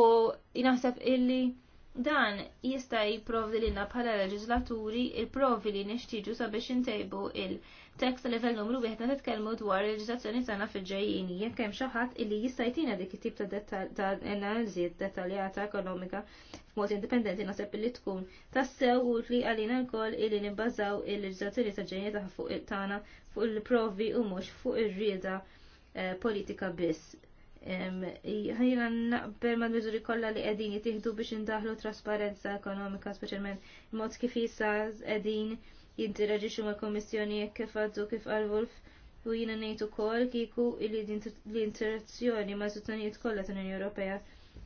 S4: jinaħseb illi dan jista' jipprovdi lilna bħala leġislaturi il-provi li nixtieġu sabiex intejbu il-, -il tekst level numru wieħed qed nitkellmu dwar il-leġiżazzjoni tagħna fil ġajjini jekk hemm xi ħadd illi jista' dik it-tip ta' analizi dettaljata ekonomika f'mod indipendenti naħseb illi tkun tassew li għalina lkoll illi nibbażaw il reġizazzjoni ta' ġajjini ta' fuq tagħna fuq il-provi u mhux fuq ir-rieda eh, politika biss. Jħajna naqbel ma' miżuri kollha li qegħdin jittieħdu biex indaħlu trasparenza ekonomika specialment mod kif jista' qegħdin jinteraġixxu mal-Kommissjoni jekk kif għaddu kif għal Wolf u jiena ngħid ukoll kieku li l-interazzjoni ma' istituzzjonijiet kollha tal-Unjoni Ewropea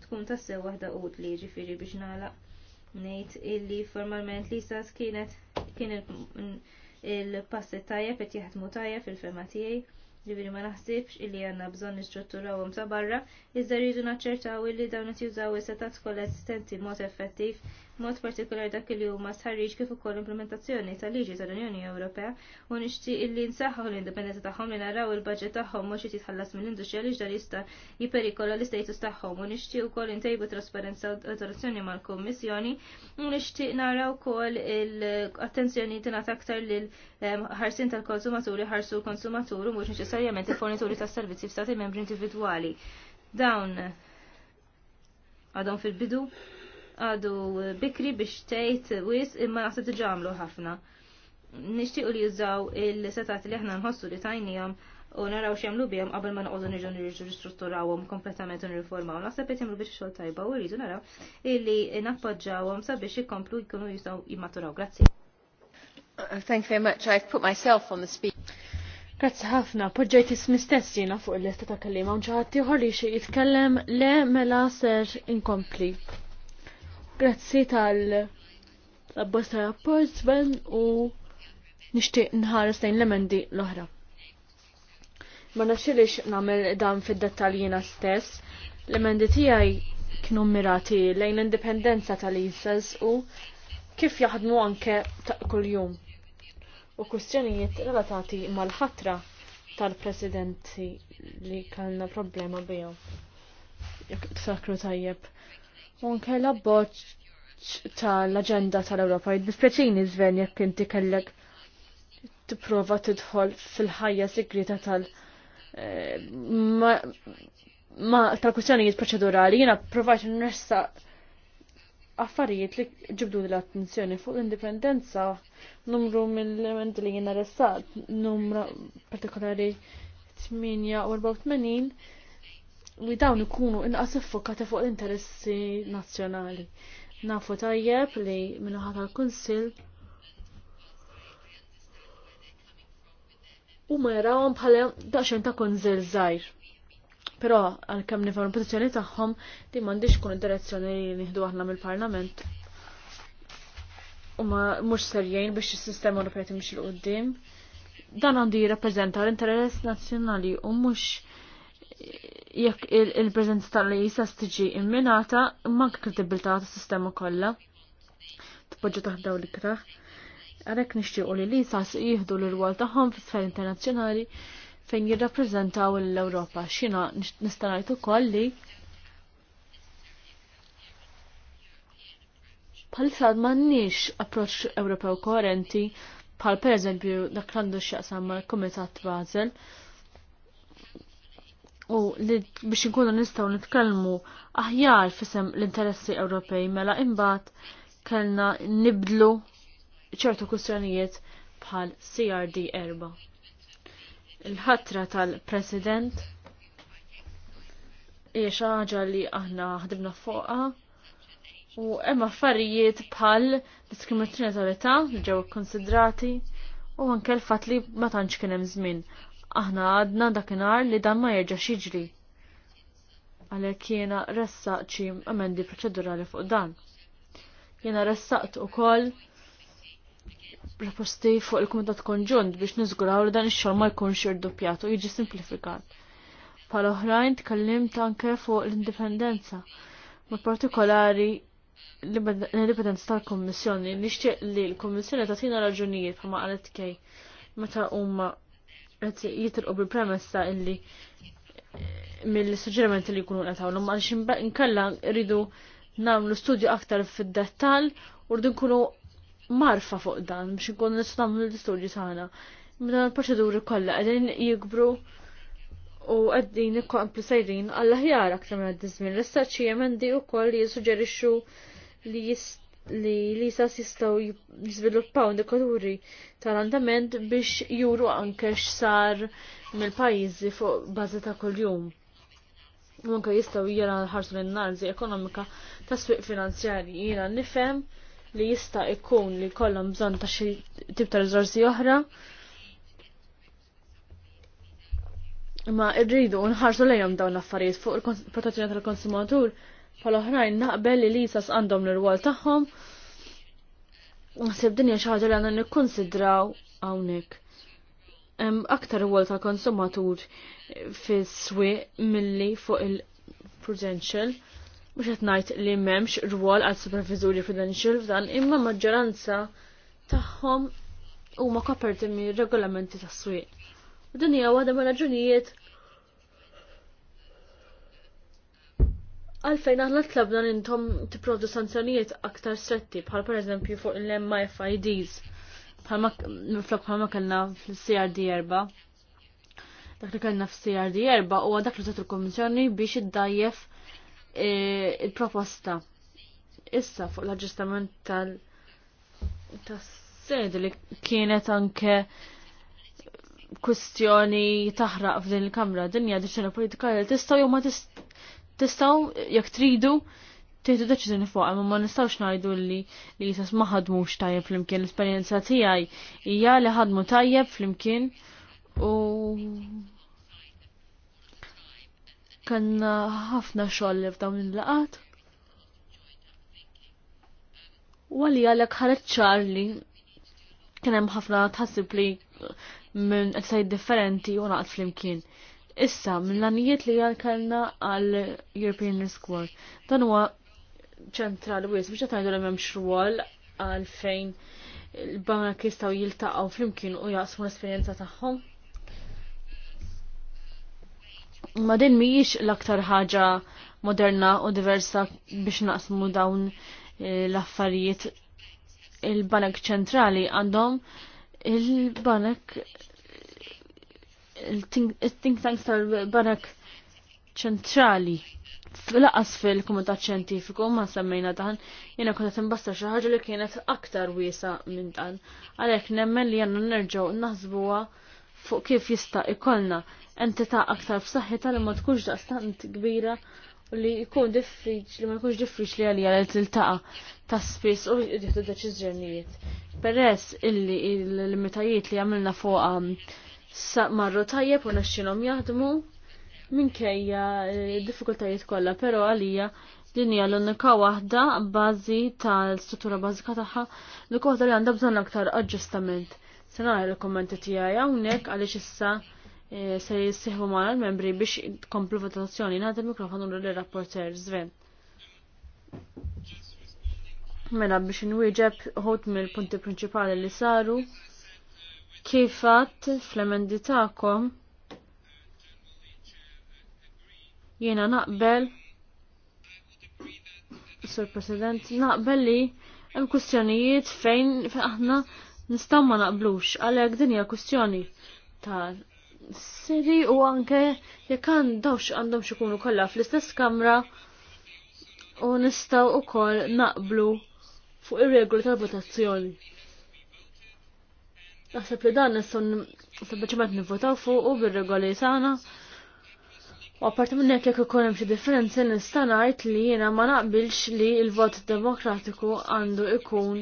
S4: tkun tassew waħda utli jiġifieri biex nagħlaq ngħid illi formalment li sas kienet kien il-passi tajjeb qed jaħdmu tajjeb fil-fema tiegħi. Ġifieri ma naħsibx illi għandna bżonn nistrutturawhom ta' barra, iżda rridu naċċertaw illi dawn qed jużaw is-setat kollha esistenti mod effettiv mod partikolari dak li huma sħarriġ kif ukoll implementazzjoni tal-liġi tal-Unjoni Ewropea u nixtieq illi nsaħħu l-indipendenza tagħhom li naraw il-baġġett tagħhom mhux qed jitħallas mill-industrija li dan jista' jiperikola l-istatus tagħhom u nixtieq ukoll intejbu trasparenza u autorazzjoni mal-Kummissjoni u nixtieq naraw ukoll l-attenzjoni tingħata aktar lil ehm, ħarsin tal-konsumaturi ħarsu l-konsumatur u mhux neċessarjament il-fornituri tas-servizzi f'stati membri individwali. Dawn għadhom fil-bidu għadu bikri biex tgħid wis imma naħseb ġamlu ħafna. Nixtiequ li jużaw il-setat li aħna nħossu li tajnijom u naraw x'jagħmlu bihom qabel ma noqogħdu niġu nirristrutturawhom kompletament u nirriformawhom. Naħseb qed jagħmlu biex xogħol tajba u rridu naraw illi nappoġġawhom sabiex ikomplu jkunu jistgħu jimmaturaw.
S3: Grazzi. Thank you very much. I've
S1: put myself on the speak. Grazzi
S3: ħafna, poġġejt ismi stess jiena fuq il-lista ta' kellima u ġaħat tiħor li xie jitkellem le mela ser inkompli. Grazzi tal-abbasta rapport Sven u nishtiq nħares lejn l-emendi l-oħra. Ma naxilix namel dan fid-dettaljina stess, l-emendi tijaj kienu mirati lejn l-indipendenza tal-ISIS u kif jaħdmu anke ta' kuljum u kustjonijiet relatati mal-ħatra tal-presidenti li kellna problema bijom. Jek sakru tajjeb u kella boċ tal-agenda tal-Ewropa. Dispjaċini Sven jekk inti kellek tipprova tidħol fil-ħajja segreta tal- ma tal-kwistjonijiet proċedurali jiena provajt nressa affarijiet li ġibdu l-attenzjoni fuq l-indipendenza numru mill element li jiena ressa, numru partikolari 8 u li dawn ikunu inqas iffokati fuq l-interessi nazzjonali. Nafu tajjeb li minnaħat tal-Kunsill u ma jarawhom bħala daqsxejn ta' kunżil żgħir. Però għalkemm nifhem il-pożizzjoni tagħhom li m'għandix tkun id-direzzjoni li nieħdu aħna mill-Parlament. U ma mhux serjejn biex is-sistema Ewropej timxi l qudiem Dan għandu jirrappreżenta l-interess nazzjonali u mhux jekk il-preżenza tal-ISAS tiġi imminata, manka kredibilità tas sistema kollha. Tpoġġu taħdaw l-ikraħ. Għalhekk nixtiequ li l-ISAS jieħdu l-rwol tagħhom fis-sfer internazzjonali fejn jirrappreżentaw l-Ewropa. X'ina nista' ngħid ukoll li bħalissa m'għandniex approċċ Ewropew pal bħal pereżempju dak l-għandu x'jaqsam mal-Kumitat Basel u li biex nkunu nistgħu nitkellmu aħjar fisem l-interessi Ewropej mela imbagħad kellna nibdlu ċertu kwistjonijiet bħal CRD erba. Il-ħatra tal-President hija xi ħaġa li aħna ħdibna foqha. u hemm affarijiet bħal diskriminazzjoni tal-età li ġew ikkonsidrati u anke l-fatt li ma tantx kien hemm żmien aħna għadna dakinhar li dan ma jerġax jiġri. Għalhekk jiena ressaq xi emendi proċedurali fuq dan. Jiena ressaqt ukoll proposti fuq il-Kumitat Konġunt biex niżguraw li dan ix-xogħol ma jkunx irdoppjat u jiġi simplifikat. Pal oħrajn tkellimt anke fuq l-indipendenza, mod partikolari l-indipendenza tal-Kommissjoni, nixtieq li l-Kommissjoni tagħtina raġunijiet bħalma qalet kej meta huma jitilqu bil-premessa illi eh, mill-suġġerimenti li jkunu għatawlhom għalix inkella rridu nagħmlu studju aktar fid-dettall u rridu nkunu marfa fuq dan biex nkunu nistgħu nagħmlu l-istudju tagħna. Minna l-proċeduri kollha qegħdin jikbru u qegħdin ikkompli sejrin għall-ħjar aktar minn għad-dizmin. L-istaċi jemendi u koll jissuġġerixxu li jist li li sas jistaw jizviluppaw koluri tal-andament biex juru anke sar mill-pajjiżi fuq bażi ta' kuljum. U anke jistaw jira ħarsu l-analiżi ekonomika ta' swieq finanzjari jiena nifem li jista' ikun li kollam bżonn ta' xi tip ta' rizorsi oħra. Ma rridu nħarsu lejhom dawn l-affarijiet fuq il-protezzjoni tal-konsumatur pal oħrajn naqbel li lisa isas għandhom l-rwol tagħhom. Naħseb dinja xi ħaġa li għandna nikkonsidraw hawnhekk. Hemm aktar rwol ta' konsumatur fis-swieq milli fuq il-prudential mux għetnajt li memx rwol għal supervizuri prudential f'dan imma maġġoranza tagħhom u ma koperti mir regolamenti ta' s-swiq. U din waħda ma' raġunijiet Għalfejn aħna tlabna li intom tipprodu sanzjonijiet aktar stretti bħal pereżempju fuq l-MIFIDs bħal bħalma kellna fl-CRD erba. Dak li kellna fil crd erba huwa dak li tat il-Kummissjoni biex id-dajjef eh, il-proposta. Issa fuq l-aġġustament tal sed li kienet anke kwestjoni taħraq f'din il-kamra dinja diċċina politika li tista' jew ma tista' tistaw jekk tridu tiħdu deċiżjoni fuq imma ma nistgħux ngħidu li li jisas ma ħadmux tajjeb flimkien l-esperjenza tiegħi hija li ħadmu tajjeb flimkien u kanna ħafna xogħol f'dawn il-laqat. U għalli għalek ħaret ċarli kien hemm ħafna tħassib li minn qed differenti u naqt flimkien. Issa, mill-anijiet li għal-kalna għal-European Risk Work. Dan huwa ċentrali wis biex għatajdu li memx għal għalfejn il-bank jistaw jiltaqaw flimkien u jaqsmu l-esperienza tagħhom. Ma din mhijiex l-aktar ħaġa moderna u diversa biex naqsmu dawn eh, l-affarijiet il-banek ċentrali għandhom il-banek il-think tanks tal-barak ċentrali fil-laqas fil-komitat ċentifiku ma semmejna dan jena konna timbasta xi ħaġa li kienet aktar wiesa minn dan għalhekk nemmen li għandna nerġgħu naħsbuha fuq kif jista' ikollna entità aktar f'saħħitha li ma tkunx daqstant kbira u li jkun diffiċli ma jkunx diffiċli għalija li tiltaqa ta' spiss u jieħdu deċiżjonijiet. Peress illi l-limitajiet li għamilna fuq marru tajjeb u naxxilhom jaħdmu minkejja eh, diffikultajiet kollha, però għalija din hija l-unika waħda bażi tal-struttura bażika tagħha li waħda li għandha bżonn aktar aġġustament. Se nara l-kommenti tiegħi hawnhekk għaliex issa eh, se jissieħbu mal membri biex tkomplu votazzjoni. Nagħti il-mikrofonu lill-rapporter Sven. Mela biex inwieġeb ħut mill-punti prinċipali li saru Kifat fl-emendi ta'kom jiena naqbel Sur President, naqbel li hemm kustjonijiet fejn aħna nistgħu ma naqblux għalhekk din hija kustjoni ta' siri u anke jekk għandhomx għandhom ikunu kollha fl-istess kamra u nistgħu ukoll naqblu fuq ir-regoli tal-votazzjoni. Naħseb li dan nisson sempliċement nivvotaw fuq u bir-regoli sana. U apparti minn hekk jekk ikun hemm xi differenzi nista' ngħid li jiena ma naqbilx li l-vot demokratiku għandu ikun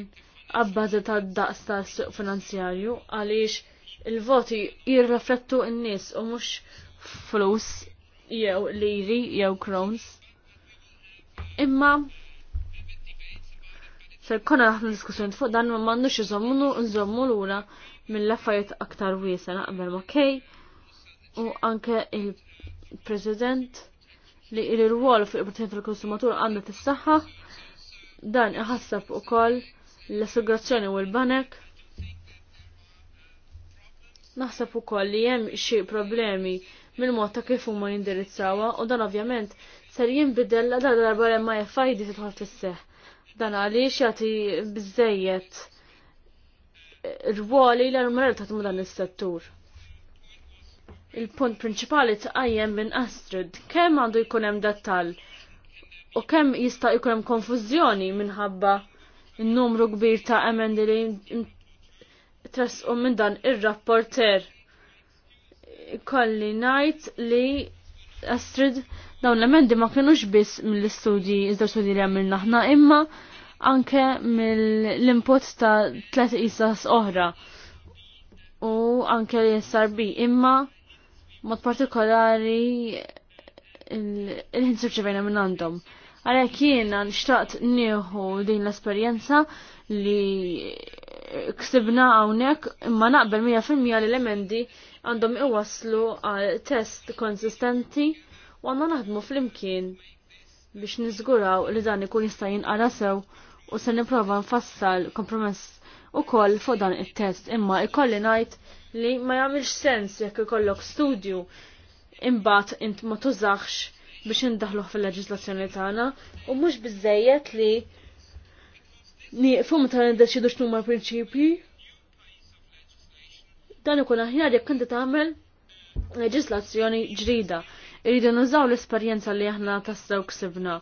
S3: abbażi ta' daqs ta' suq finanzjarju għaliex il-voti jirreflettu n-nies u mhux flus jew liri jew krons. Imma se jkun aħna diskussjoni fuq dan ma m'għandux iżommu l lura mill-affarijiet aktar wiesa naqbel ma' Kej u anke il-President li il-rwol fuq il-protezzjoni tal-konsumatur għandna tissaħħa dan iħassab ukoll l-assigurazzjoni u l-banek naħseb ukoll li hemm xi problemi mill-mod ta' kif huma jindirizzawha u dan ovvjament ser jinbidel dar darba l ma FID tidħol fis Dan għaliex jagħti biżejjed r-ruoli l-armar ta' dan is-settur. Il-punt prinċipali tqajjem minn Astrid, kemm għandu jkun hemm dettall u kemm jista' jkun hemm konfużjoni minħabba n-numru kbir ta' emendi li tresqu minn dan ir-rapporter. Kolli ngħid li Astrid dawn l-emendi ma kienux biss mill-istudji, iżda studji li għamilna ħna imma anke mill-input ta' tlet isas oħra u anke li SRB imma mod partikolari il-ħinsib ċivajna minn għandhom. Għalek jiena nxtaqt nieħu din l-esperjenza li ksibna hawnhekk imma naqbel 100% li l-emendi għandhom iwaslu għal test konsistenti u għandna naħdmu fl-imkien biex nizguraw li dan ikun jista' jinqara sew u se nipprova nfassal kompromess ukoll fuq dan it-test imma ikolli ngħid li ma jagħmilx sens jekk ikollok studju imbagħad int ma tużax biex indaħluh fil-leġislazzjoni tagħna u mhux biżejjed li Niqfu meta niddeċidu x'numa l-prinċipji. Dan ikun aħjar jekk inti tagħmel leġislazzjoni ġrida. Irridu nużaw l-esperjenza li aħna tassew ksibna.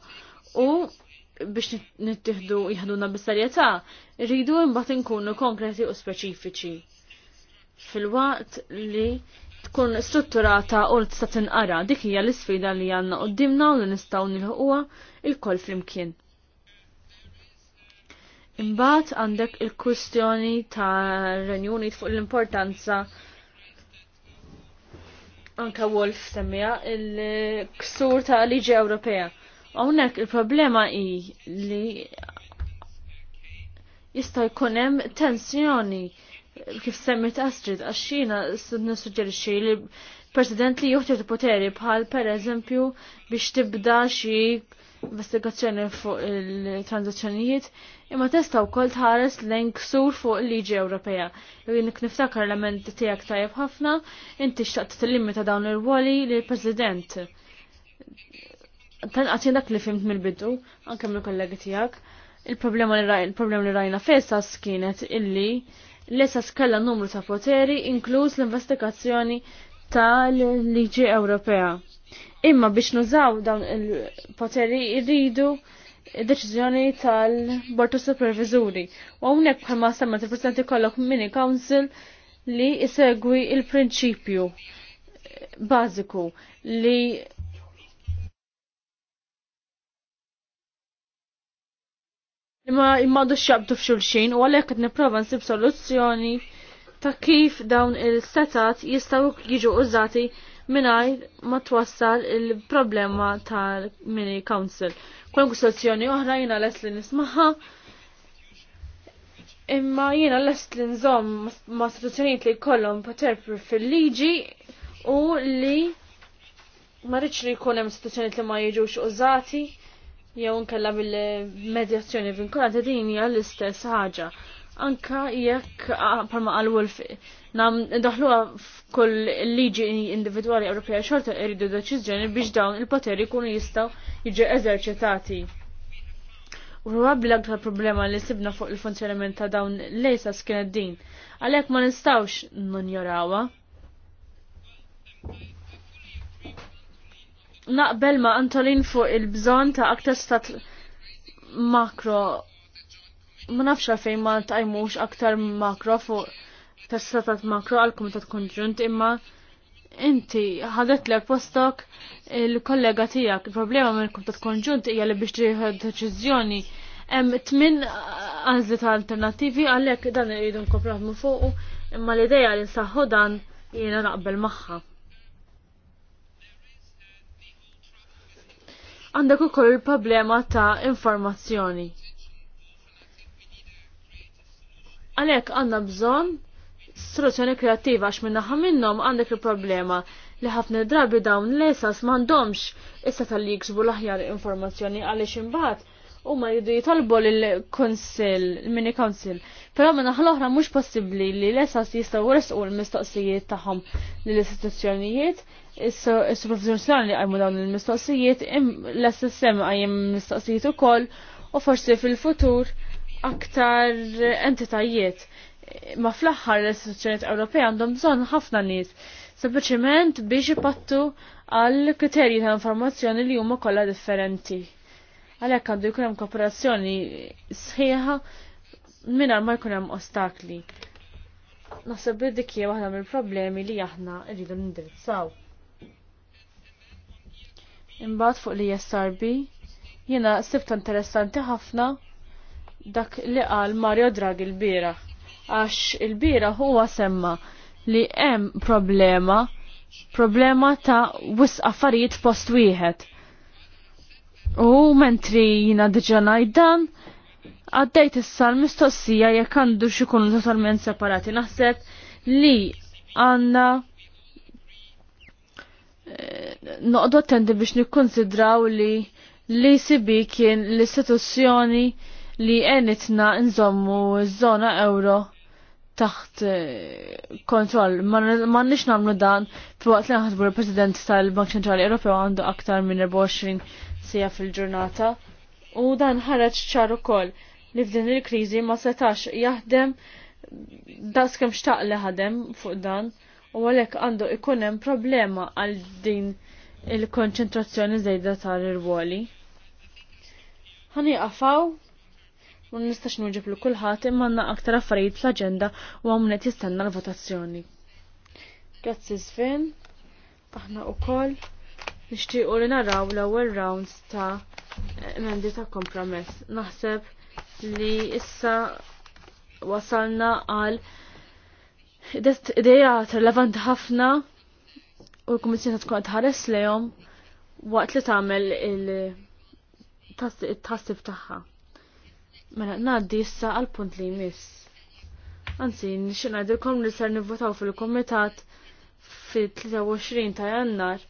S3: U biex nittihdu jihduna bis-serjetà, rridu imbagħad inkunu konkreti u speċifiċi. Fil-waqt li tkun strutturata u tista' tinqara dik hija l-isfida li għandna dimna u li nistgħu nilħuqha il-koll fl-imkien. Imbagħad għandek il-kwistjoni tar-Renjuni fuq l-importanza anka Wolf semmija il-ksur ta' liġi Ewropea Hawnhekk il-problema hi li jista' jkun hemm tensjoni kif semmit Astrid għax xina nissuġġerixxi li president li joħtieġ poteri bħal pereżempju biex tibda xi investigazzjoni fuq il-transazzjonijiet imma testa wkoll tħares lejn ksur fuq il-liġi Ewropea. Jinik niftakar l-ament tiegħek tajjeb ħafna, inti xtaqt t-limita dawn il-woli li l-President tanqas dak li fimt mill-bidu, anke mill-kollegi tiegħek. Il-problema li rajna, il-problema li rajna fessas kienet illi l-essas kalla numru ta' poteri inkluż l-investigazzjoni tal-liġi Ewropea. Imma biex nużaw dawn il-poteri irridu deċiżjoni tal-Bortu Supervisuri. U hawnhekk bħalma semma il-Presidenti kollok mini council li isegwi il-prinċipju bażiku li imma immandu xabdu f'xulxin u għalhekk qed nipprova nsib soluzzjoni ta' kif dawn il-setat jistgħu jiġu użati mingħajr ma twassal il-problema ta' mini council. Kwalunkwe soluzzjoni oħra jiena lest li nismaħħa imma jiena lest li nżomm ma' soluzzjonijiet li jkollhom paterpru fil-liġi u li ma rriċ li jkun hemm li ma jiġux użati jew nkella bil-medjazzjoni vinkolanti din hija l-istess ħaġa. Anka jekk palma għal wolf nam daħluha f'kull liġi individwali Ewropea xorta jridu deċiżjoni biex dawn il-poteri jkunu jistgħu jiġu eżerċitati. Probabbli l-aktar problema li sibna fuq il-funzjonament ta' dawn lejsa kienet din, għalhekk ma nistgħux nonjorawha. naqbel ma' Antolin fuq il-bżon ta' aktar stat makro. Ma nafx fejn ma tajmux aktar makro fuq ta' statat makro għal ta' tkunġunt imma inti ħadet l postok il-kollega tijak. Il-problema mill ta' tkunġunt hija li biex tieħed deċiżjoni hemm tmin ta' alternattivi għalhekk dan irridu nkopraħmu fuq imma l-idea li saħħu dan jiena naqbel magħha. għandek ukoll il-problema ta' informazzjoni. Għalhekk għandna bżon soluzzjoni kreattiva għax minnaħa minnhom għandek il-problema li ħafna drabi dawn l-esas m'għandhomx issa tal-li jiksbu l-aħjar informazzjoni għaliex imbagħad u ma jidu jitolbu l-konsil, l-mini konsil. Pero minna ħal-oħra mux possibli li l-esas jistaw resqu l-mistoqsijiet taħom l-istituzzjonijiet, il-supervizjonzjoni li għajmu dawn l-mistoqsijiet, l-SSM għajm mistoqsijiet u koll, u forsi fil-futur aktar entitajiet. Ma fl-axħar l istituzjoniet Ewropej għandhom bżon ħafna nies sempliċement biex ipattu għal kriterji ta' informazzjoni li huma kollha differenti għalhekk għandu jkun hemm kooperazzjoni sħiħa mingħajr ma jkun hemm ostakli. Naħseb li dik hija waħda mill-problemi li aħna rridu nindirizzaw. Imbagħad fuq li jessarbi jiena sibta interessanti ħafna dak li qal Mario Draghi il bira Għax il-bira huwa semma li hemm problema, problema ta' wisq affarijiet post wieħed. U mentri jina diġa najdan, għaddejt issa l-mistoqsija jekk għandu xikunu totalment separati. Naħseb li għanna eh, noqdu attendi biex nikkonsidraw li li sibi kien l-istituzzjoni li għenitna nżommu z-zona euro taħt eh, kontroll. Ma nix namlu dan fi waqt li naħsbu l-President tal-Bank Ċentrali Ewropew għandu aktar minn 24 sija fil-ġurnata u dan ħareġ ċar ukoll li f'din il-kriżi ma setax jaħdem das kemm xtaq li ħadem fuq dan u għalhekk għandu ikunem hemm problema għal din il-konċentrazzjoni żejda tal-irwoli. Ħani għafaw u nistax nuġib li kulħadd imma għandna aktar affarijiet fl-aġenda u għamnet jistenna l-votazzjoni. Grazzi Sven, aħna u koll nixtiequ li naraw l-ewwel rounds ta' emendi ta' kompromess. Naħseb li issa wasalna għal ideja relevant ħafna u l komissjoni tkun tħares lejhom waqt li tagħmel il-tħassib tagħha. Mela ngħaddi issa għal punt li jmiss. Anzi, nixtieq ngħidilkom li ser nivvotaw fil-Kumitat fit-23 ta' Jannar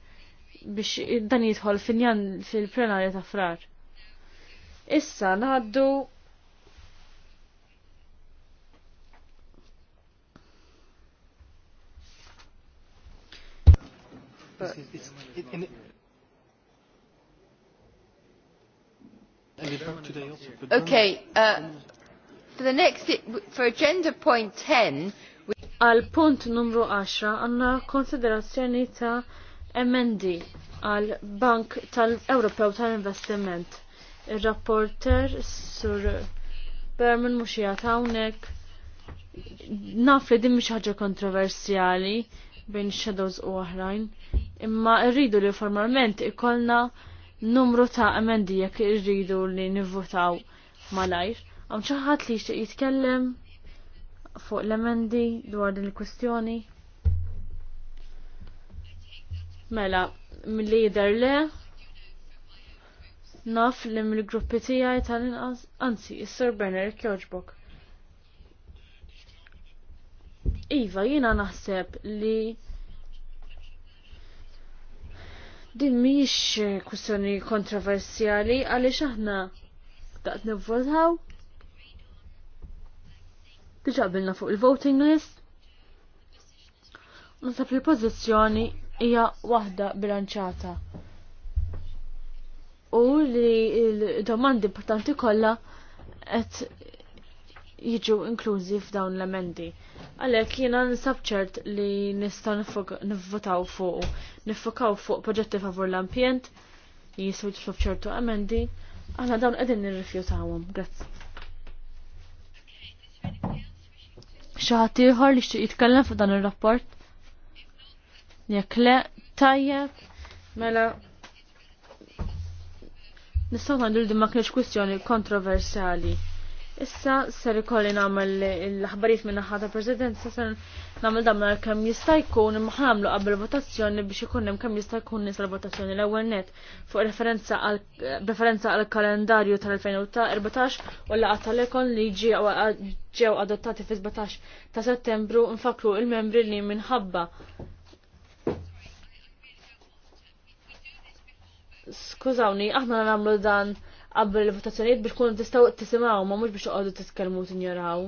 S3: biex dan jidħol finjan fil-plenarja ta' frar. Issa naħaddu
S1: Okay, uh, for the next, for agenda point 10, we... Al punt numru 10 għanna konsiderazzjoni ta'
S3: emendi għal Bank tal-Ewropew tal-Investiment. Ir-rapporter sur Berman mhux jagħta hawnhekk naf li dimmi xaġa ħaġa kontroversjali bejn shadows u oħrajn, imma rridu li formalment ikollna numru ta' emendi jekk irridu li nivvotaw malajr. Għam ċaħat li jitkellem fuq l-emendi dwar din il-kwestjoni? Mela, mill-lider le, naf li mill-gruppi tijaj tal-inqas, anzi, s-Sir Berner Kjoġbok. Iva, jina naħseb li din miex kwestjoni kontroversjali għaliex aħna daqt nivvotaw. Diġa bilna fuq il-voting list. Nasab il pożizzjoni hija waħda bilanċata. U li l-domandi importanti kollha qed jiġu inklużi f'dawn l-emendi. Għalhekk jiena nisab ċert li nista' nifvotaw fuq nifokaw fuq proġetti favur l-ambjent li jisgħu jitlu f'ċertu emendi, aħna dawn qegħdin nirrifjutawhom. Grazzi. Xi ħadd ieħor li xtieq jitkellem f'dan ir-rapport? Jekk le, tajjeb, mela nistgħu nagħmlu li ma kienx kwistjoni kontroversjali. Issa ser ikolli nagħmel l-aħbarijiet minn naħa ta' Presidenza ser nagħmel dan mingħajr mela kemm jista' jkun imma ħamlu qabel votazzjoni biex ikun hemm kemm jista' jkun nies votazzjoni l-ewwel net fuq referenza għal referenza għal kalendarju tal-2014 u laqgħa tal-ekon li ġew adottati fi 17 ta' Settembru nfakru il-membri li minħabba Skużawni, aħna nagħmlu dan qabel il-votazzjonijiet biex kunu tistgħu tisimaw ma mhux biex toqgħodu titkellmu tinjoraw.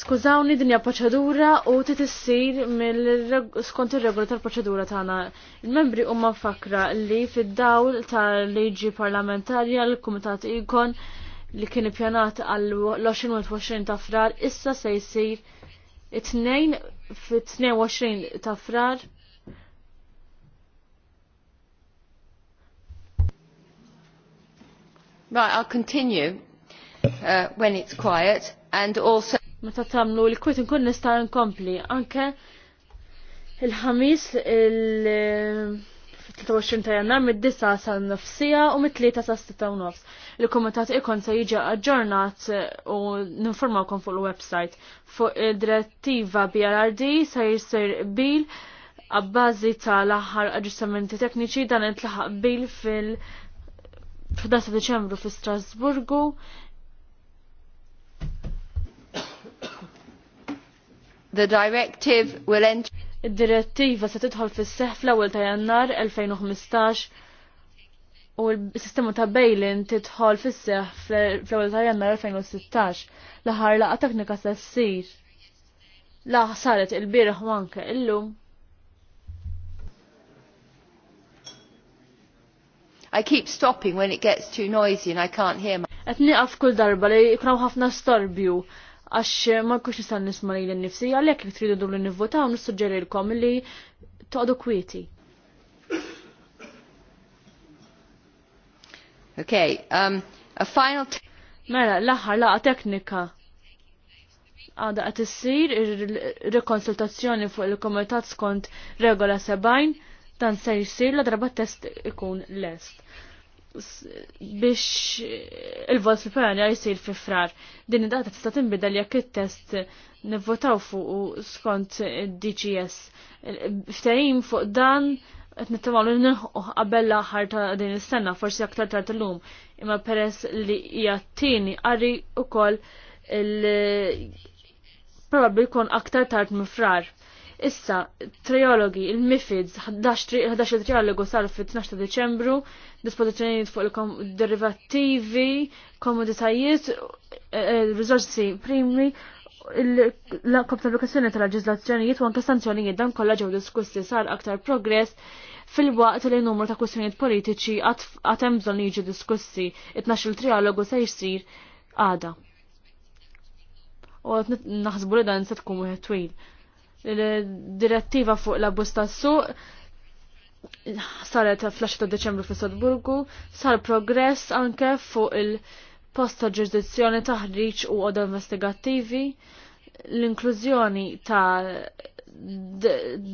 S3: Skużawni dinja proċedura u titissir skont ir-regola tal-proċedura tagħna. Il-membri huma fakra li fid-dawl tal-liġi parlamentari għal-komitat Ikon li kien pjanat għal 20 ta' frar issa se jsir it-tnejn fit-22 ta' frar
S1: Right, I'll continue uh, when it's quiet and also
S3: Meta tagħmlu l-kwit nkun nista' nkompli anke il-ħamis il- 23 ta' jannar mid-9 sa' nofsija u mit-3 sa' 6 nofs. Il-komitat ikon se jiġi aġġornat uh, u ninformawkom fuq il-website. Fuq il-direttiva BRRD se jisir bil għabbażi tal-aħħar aġġustamenti tekniċi dan it it-tlaħaq bil fil- f'11 Deċembru fi Strasburgu The directive will enter Id-direttiva se tidħol fis seħħ fl-ewwel ta' Jannar 2015 u l-sistema ta' bail-in tidħol fis seħħ fl-ewwel ta' Jannar 2016. L-aħħar laqgħa teknika se ssir. Laħ saret il-bieraħ anke illum.
S1: I keep stopping when it gets too noisy and I can't hear my... Qed nieqaf kull darba li jkraw ħafna storbju għax
S3: ma kux nistan nisma li l-nifsi, għalhekk li tridu dublu nivvotaw nissuġġerilkom li toqdu kwieti. Okay, um, a final... Mela, l-aħħar laqa teknika għada għat issir ir-rekonsultazzjoni fuq il-komitat skont regola 70 Dan se jsir la drabat test ikun lest biex il-vot fil-plenarja jisir fi frar. Din id-data tista' tinbidel jekk it-test nivvotaw fuq skont DGS. Ftehim fuq dan qed nittamgħu li qabel l-aħħar ta' din is-sena forsi aktar tard illum, imma peress li hija tieni qari wkoll il probabbli jkun aktar tard minn frar. Issa, triologi, il-MIFIDS, 11 trialogu sar fit-12 ta' Deċembru, dispożizzjonijiet fuq il-derivattivi, komoditajiet, il-rizorsi eh, primi, l-kop tal-lokazzjoni u anke sanzjonijiet dan kollha ġew diskussi sar aktar progress fil-waqt li numru ta' kwistjonijiet politiċi għat hemm bżonn jiġu diskussi itnax il-trialogu se jsir għada. U naħsbu li dan se tkun wieħed twil il-direttiva fuq l-abus tas-suq saret fl-10 ta' Deċembru fi Sodburgu, sar progress anke fuq il posta ta' ġurisdizzjoni taħriġ u għoda investigattivi, l-inklużjoni ta'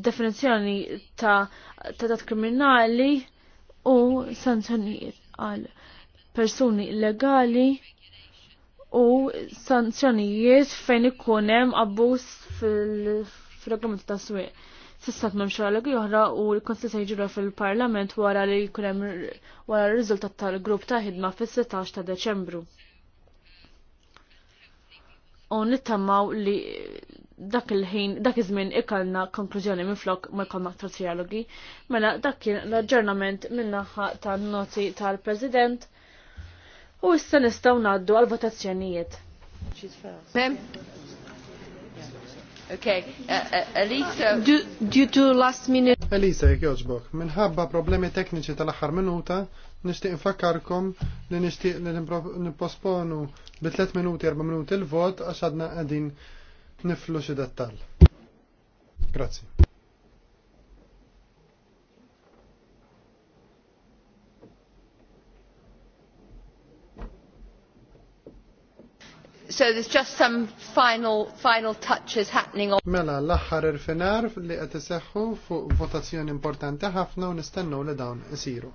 S3: definizjoni ta' tatat kriminali u sanzjonijiet għal persuni illegali u sanzjonijiet fejn ikun hemm abbuż fil fil-reglamenti ta' swieq. Sissat memx għalegu joħra u l-konsil se jiġura fil-parlament wara li kunem wara r-riżultat tal-grupp ta' ħidma fis-16 ta' Deċembru. U nittamaw li dak il-ħin, dak iż-żmien ikalna konklużjoni minn flok ma jkollna aktar trialogi. Mela dak kien l-aġġornament min-naħa tan-noti tal-President u issa nistgħu ngħaddu għal votazzjonijiet.
S1: Okay, uh, uh Elisa.
S3: Due to last minute. Elisa,
S2: jek joġbok. Minħabba problemi tekniċi tal-axar minuta, nishtiq nfakkarkom li nishtiq li niposponu bi 3 minuti 4 minuti il-vot għaxadna għadin niflu xidattal. Grazie.
S1: So there's just some final,
S2: final touches happening on... Mela, l-axħar irfinar li qed iseħħu fuq votazzjoni importanti ħafna u nistennu li dawn isiru.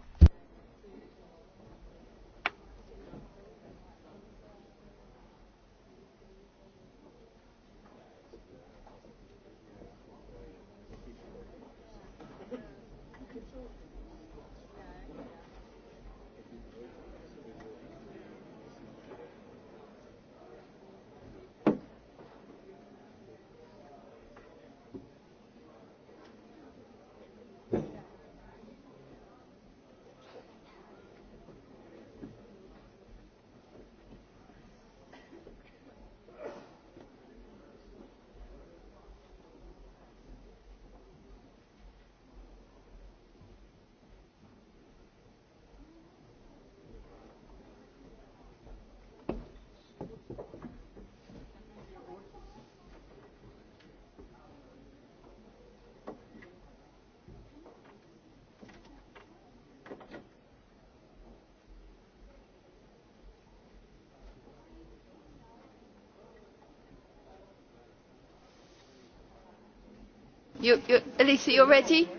S1: You, you, Elisa, you're ready?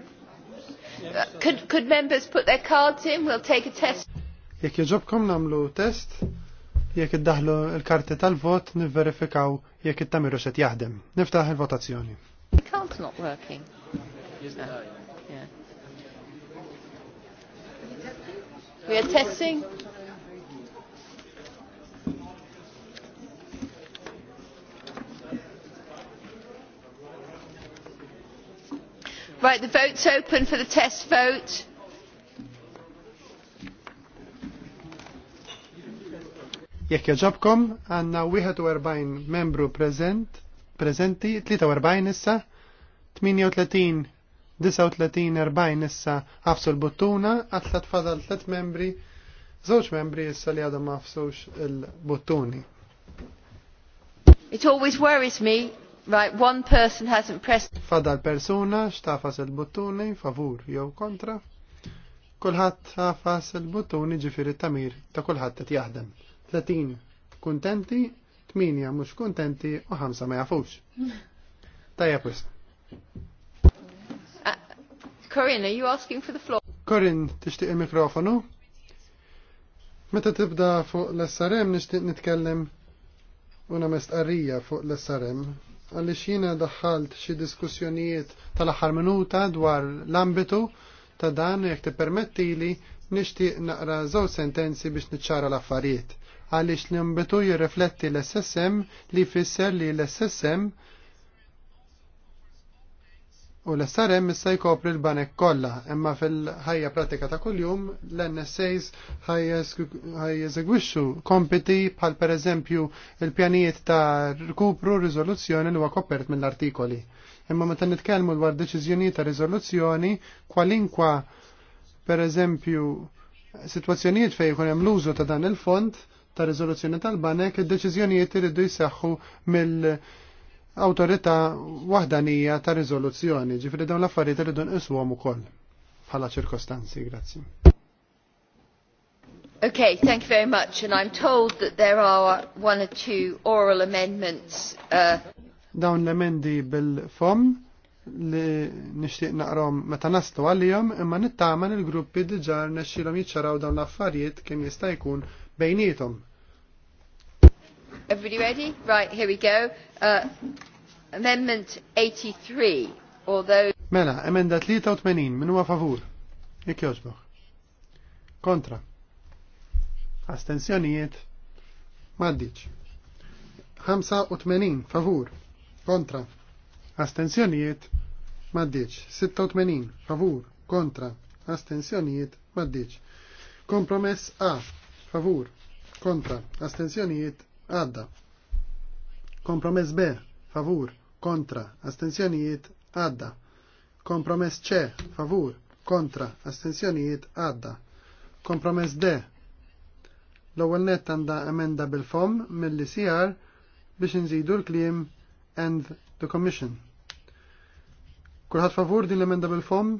S1: Uh, could, could members put their cards in? We'll take a test.
S2: Jek jġobkom namlu test, jek iddaħlu il karti tal-vot, nivverifikaw jekk it-tamiru xet jahdem. Niftaħ il-votazzjoni.
S1: The card's not working. Yeah. Yeah. We are testing? Right, the vote's open for the test vote.
S2: Jekk jaġobkom, għanna 41 membru prezent, prezenti, 43 issa, 38, 39, 40 issa għafsu l-buttuna, għatlat fadal 3 membri, zoċ membri issa li għadhom għafsux l buttuni
S1: It always worries me Right, one person hasn't pressed.
S2: Fada persona persuna xtafas il-buttuni favur jew kontra. Kulħadd tafas il-buttuni ġifieri tamir ta' kulħadd qed jaħdem. 30 kuntenti, 8 mhux kuntenti u 5 ma jafux. Tajja kwis.
S1: Uh, Corinne, are you asking for the floor?
S2: Corinne, tixtieq il-mikrofonu? Meta tibda fuq l-SRM nixtieq nitkellem una mistqarrija fuq l-SRM għaliex jiena daħħalt xi diskussjonijiet tal-aħħar minuta dwar l-ambitu ta' dan jekk tippermettili nixtieq naqra żewġ sentenzi biex niċċara l-affarijiet għaliex l-ambitu jirrifletti l-SSM li jfisser li l-SSM U l-SRM issa jkopri l-banek kollha, imma fil-ħajja pratika ta' kuljum l-NSAs ħajjeżegwixxu kompiti bħal pereżempju il-pjanijiet ta' rkupru riżoluzzjoni li huwa kopert mill-artikoli. Imma meta nitkellmu dwar deċiżjonijiet ta' riżoluzzjoni, kwalinkwa pereżempju sitwazzjonijiet fejn jkun hemm l-użu ta' dan il-fond ta' riżoluzzjoni tal-banek, id-deċiżjonijiet iridu jseħħu mill- awtorità waħdanija ta' rizoluzzjoni, ġifri dawn l-affarijiet irridu nqisuhom ukoll bħala ċirkostanzi, grazzi.
S1: Okay, thank you very much, and I'm told that there are one or two oral amendments. Uh,
S2: dawn l-emendi bil-fom li nixtieq naqrom meta għal għalihom imma nittaman il-gruppi diġà nesċilom jiċċaraw dawn l-affarijiet kemm jista' jkun bejnietom
S1: Everybody ready? Right, here we go. Uh, amendment 83, although...
S2: Mela, emenda 83, minn huwa favur. Ik jogħġbok. Kontra. Astenzjonijiet. Maddiċ. 85, favur. Kontra. Astenzjonijiet. Maddiċ. 86, favur. Kontra. Astenzjonijiet. Maddiċ. Kompromess A. Favur. Kontra. Astenzjonijiet għadda. Kompromess B, favur, kontra, astenzjonijiet, għadda. Kompromess C, favur, kontra, astenzjonijiet, għadda. Kompromess D, l-ewwel net għandha emenda bil-fom mill-ICR biex nżidu l-kliem and the commission. Kulħadd favur din l-emenda bil-fom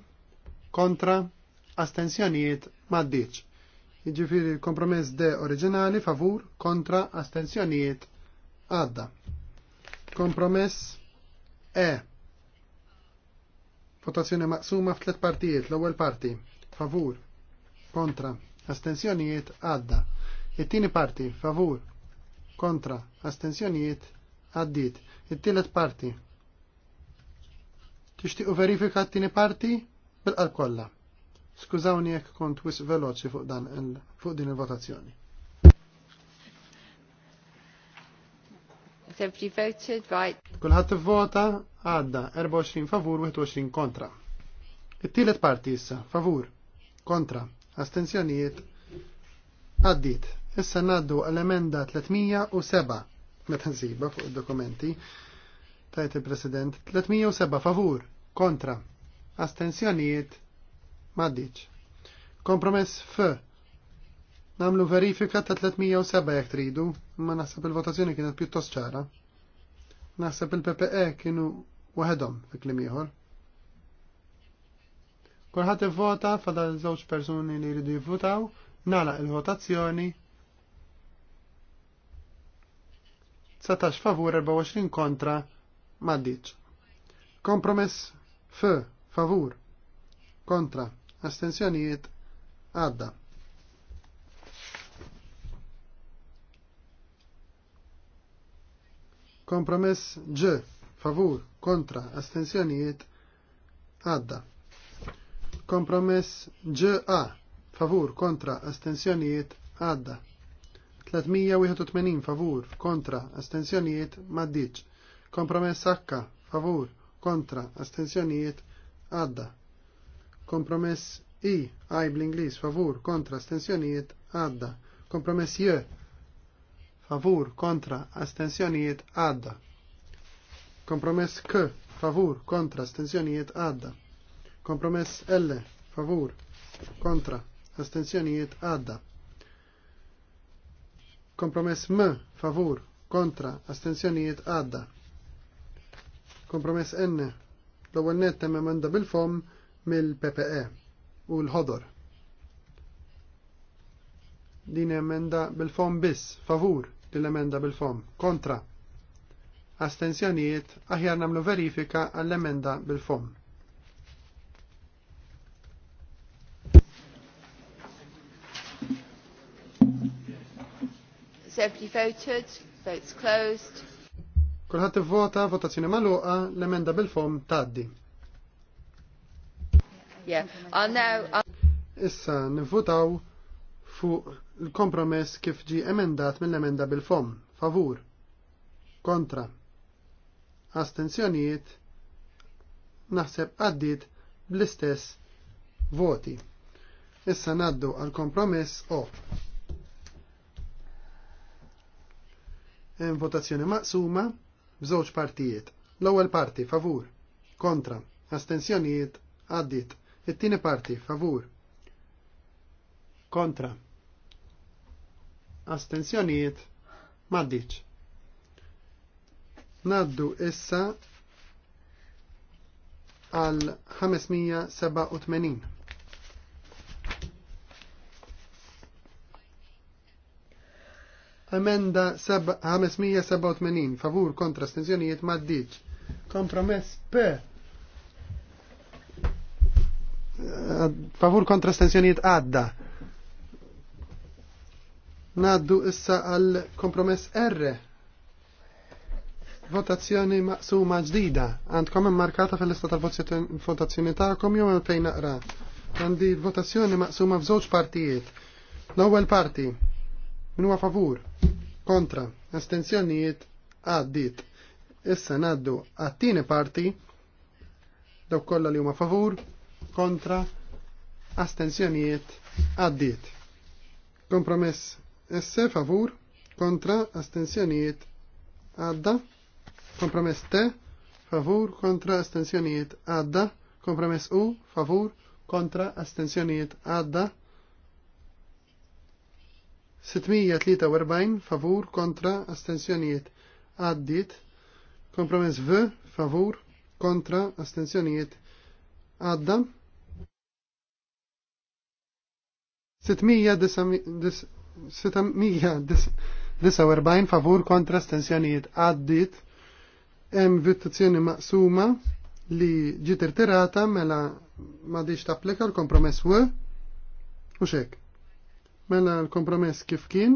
S2: kontra astenzjonijiet maddiċ. Jiġifieri kompromess de oriġinali favur kontra astensjonijiet għadda. Kompromess E. Votazzjoni maqsuma f'tlet partijiet. L-ewwel parti favur kontra astensjonijiet għadda. It-tieni parti favur kontra astensjonijiet għaddit. It-tielet parti Tixtiqu verifika t-tieni parti bil-qalb kollha. Skużawni jekk kont wis veloċi fuq dan fuq din il-votazzjoni. Kulħadd ivvota għadda 24 favur 21 kontra. It-tielet parti issa favur, kontra, astenzjonijiet għaddit. Issa ngħaddu l-emenda 307 meta nsiba fuq id-dokumenti tajt il-President 307 favur, kontra, astenzjonijiet Maddiċ. Kompromess F. Namlu verifika ta' 307 jek tridu, imma naħseb il-votazzjoni kienet pjuttost ċara. Naħseb il-PPE kienu waħedhom fi klim ieħor. Kulħadd ivvota fadal żewġ persuni li jridu jivvotaw, nala il-votazzjoni. 19 favur 24 kontra maddiċ. Kompromess F favur kontra astenzjonijiet għadda. Kompromess G, favur, kontra, astenzjonijiet għadda. Kompromess GA, favur, kontra, astenzjonijiet għadda. 381 favur, kontra, astenzjonijiet maddiċ. Kompromess H, favur, kontra, astenzjonijiet għadda. Kompromess I, I bl-Inglis, favur, kontra, astensjonijiet, għadda. Kompromess J, favur, kontra, astensjonijiet, għadda. Kompromess K, favur, kontra, astensjonijiet, għadda. Kompromess L, favur, kontra, astensjonijiet, għadda. Kompromess M, favur, kontra, astensjonijiet, għadda. Kompromess N, l-ewwel net bil-fom mill-PPE u l-ħodor. Din emenda bil-fom biss, favur l-emenda bil-fom, kontra. Astenzjonijiet aħjar namlu verifika għall-emenda bil-fom.
S1: Everybody voted, votes closed.
S2: Kulħat vota, votazzjoni maluqa, l-emenda bil-fom taddi.
S1: Yeah. I'll now,
S2: I'll... Issa nivvutaw fuq il-kompromess kif ġi emendat mill-emenda bil-fom. Favur. Kontra. Astenzjonijiet. Naħseb għaddit bl-istess voti. Issa naddu għal kompromess O. Em votazzjoni maqsuma b'żewġ partijiet. L-ewwel parti favur, kontra, Astenzjonijiet għaddit. It-tieni parti, favur. Kontra. Astenzjonijiet maddiċ. Naddu issa għal 587. Amenda 587 favur kontra astenzjonijiet maddiċ. Kompromess per favur kontra stensjoniet għadda. Naddu issa għal kompromess R. Votazzjoni maqsuma ġdida. Għandkom immarkata fil-lista tal-votazzjoni ta'kom jew fejn naqra. Għandi votazzjoni maqsuma f'żewġ partijiet. L-ewwel parti. Min huwa favur. Kontra. Astenzjonijiet għaddit. Issa naddu għattini tieni parti. Dawk kollha li huma favur kontra, astensjonijiet għaddiet. Kompromess S favur, kontra, astensjonijiet għadda. Kompromess T favur, kontra, astensjonijiet għadda. Kompromess U favur, kontra, astensjonijiet għadda. 643 favur kontra astensjonijiet għaddit kompromess V favur kontra astensjonijiet għadda 649 favur kontra stensjonijiet għaddit hemm vittuzzjoni maqsuma li ġiet irtirata mela m'għadix tapplika l-kompromess w u xek. Mela l-kompromess kif kien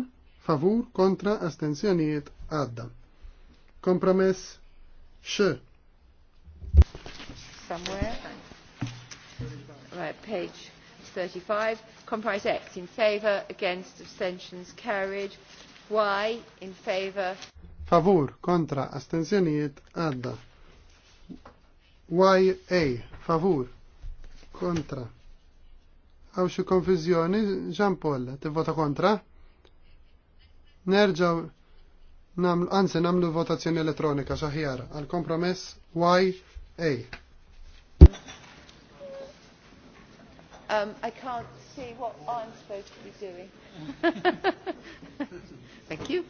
S2: favur kontra astensjonijiet għadda. Kompromess x.
S1: Somewhere. Right, page thirty five x in favour against abstentions carried y in favour
S2: favur kontra astensjonijiet adda. y a favur kontra għaw xi konfiżjoni Jean Paul vota kontra nerġaw namlu anzi namlu votazzjoni elettronika xaħjar għal kompromess y a
S1: Um, I can't see what I'm supposed to be doing. Thank you.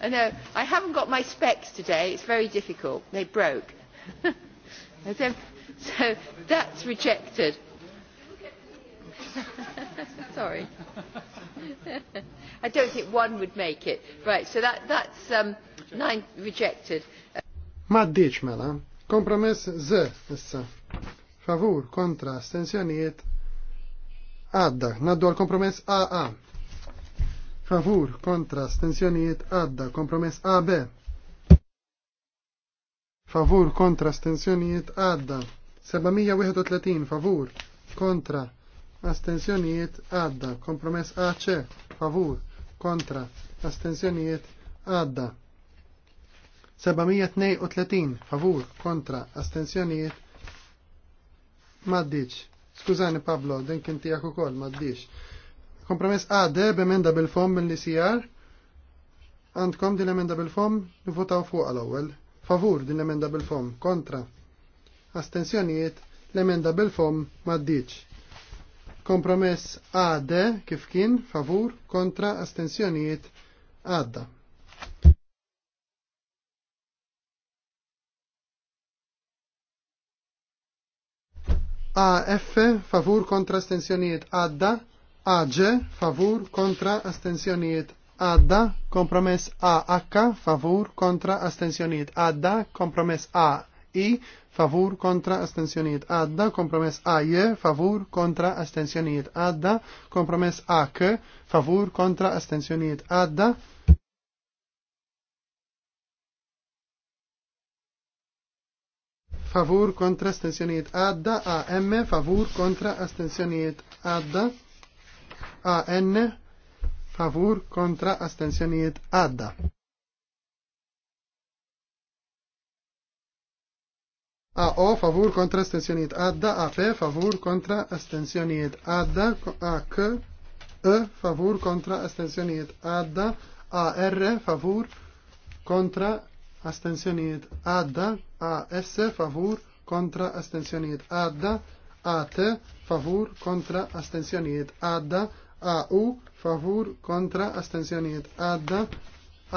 S1: I know, I haven't got my specs today. It's very difficult. They broke. so that's rejected. Sorry. I don't think one would make it. Right, so that, that's um, nine rejected.
S2: Ma mela. Kompromess z issa favur kontra astensjonijiet għadda. Naddu għal kompromess AA. Favur kontra astensjonijiet għadda. Kompromess AB. Favur kontra astensjonijiet għadda. 731 favur kontra astensjonijiet għadda. Kompromess AC favur kontra astensjonijiet għadda. 732 favur kontra astensjonijiet maddiċ. Skużani Pablo, din kien tiegħek ukoll maddiċ. Kompromess għade b'emenda bil-fom mill-ICR. Għandkom din l-emenda bil-fom, nivotaw fuq l-ewwel. Favur din l-emenda bil-fom, kontra. Astenzjonijiet, l-emenda bil-fom maddiċ. Kompromess għade kif kien, favur, kontra, astenzjonijiet, għadda. AF favur kontra astensjonijiet għadda, AG favur kontra astensjonijiet għadda, kompromess AH favur kontra astensjonijiet għadda, kompromess AI favur kontra astensjonijiet għadda, kompromess AJ favur kontra astensjonijiet għadda, kompromess AK favur kontra astensjonijiet għadda, favur kontra astensjonijiet għadda, AM favur kontra astensjonijiet għadda, AN favur kontra astensjonijiet għadda. AO favur kontra astensjonijiet għadda, AP favur kontra astensjonijiet għadda, AK E favur kontra astensjonijiet għadda, AR favur kontra astensjonijiet għadda, AS favur kontra astensjonijiet għadda, AT favur kontra astensjonijiet għadda, AU favur kontra astensjonijiet għadda,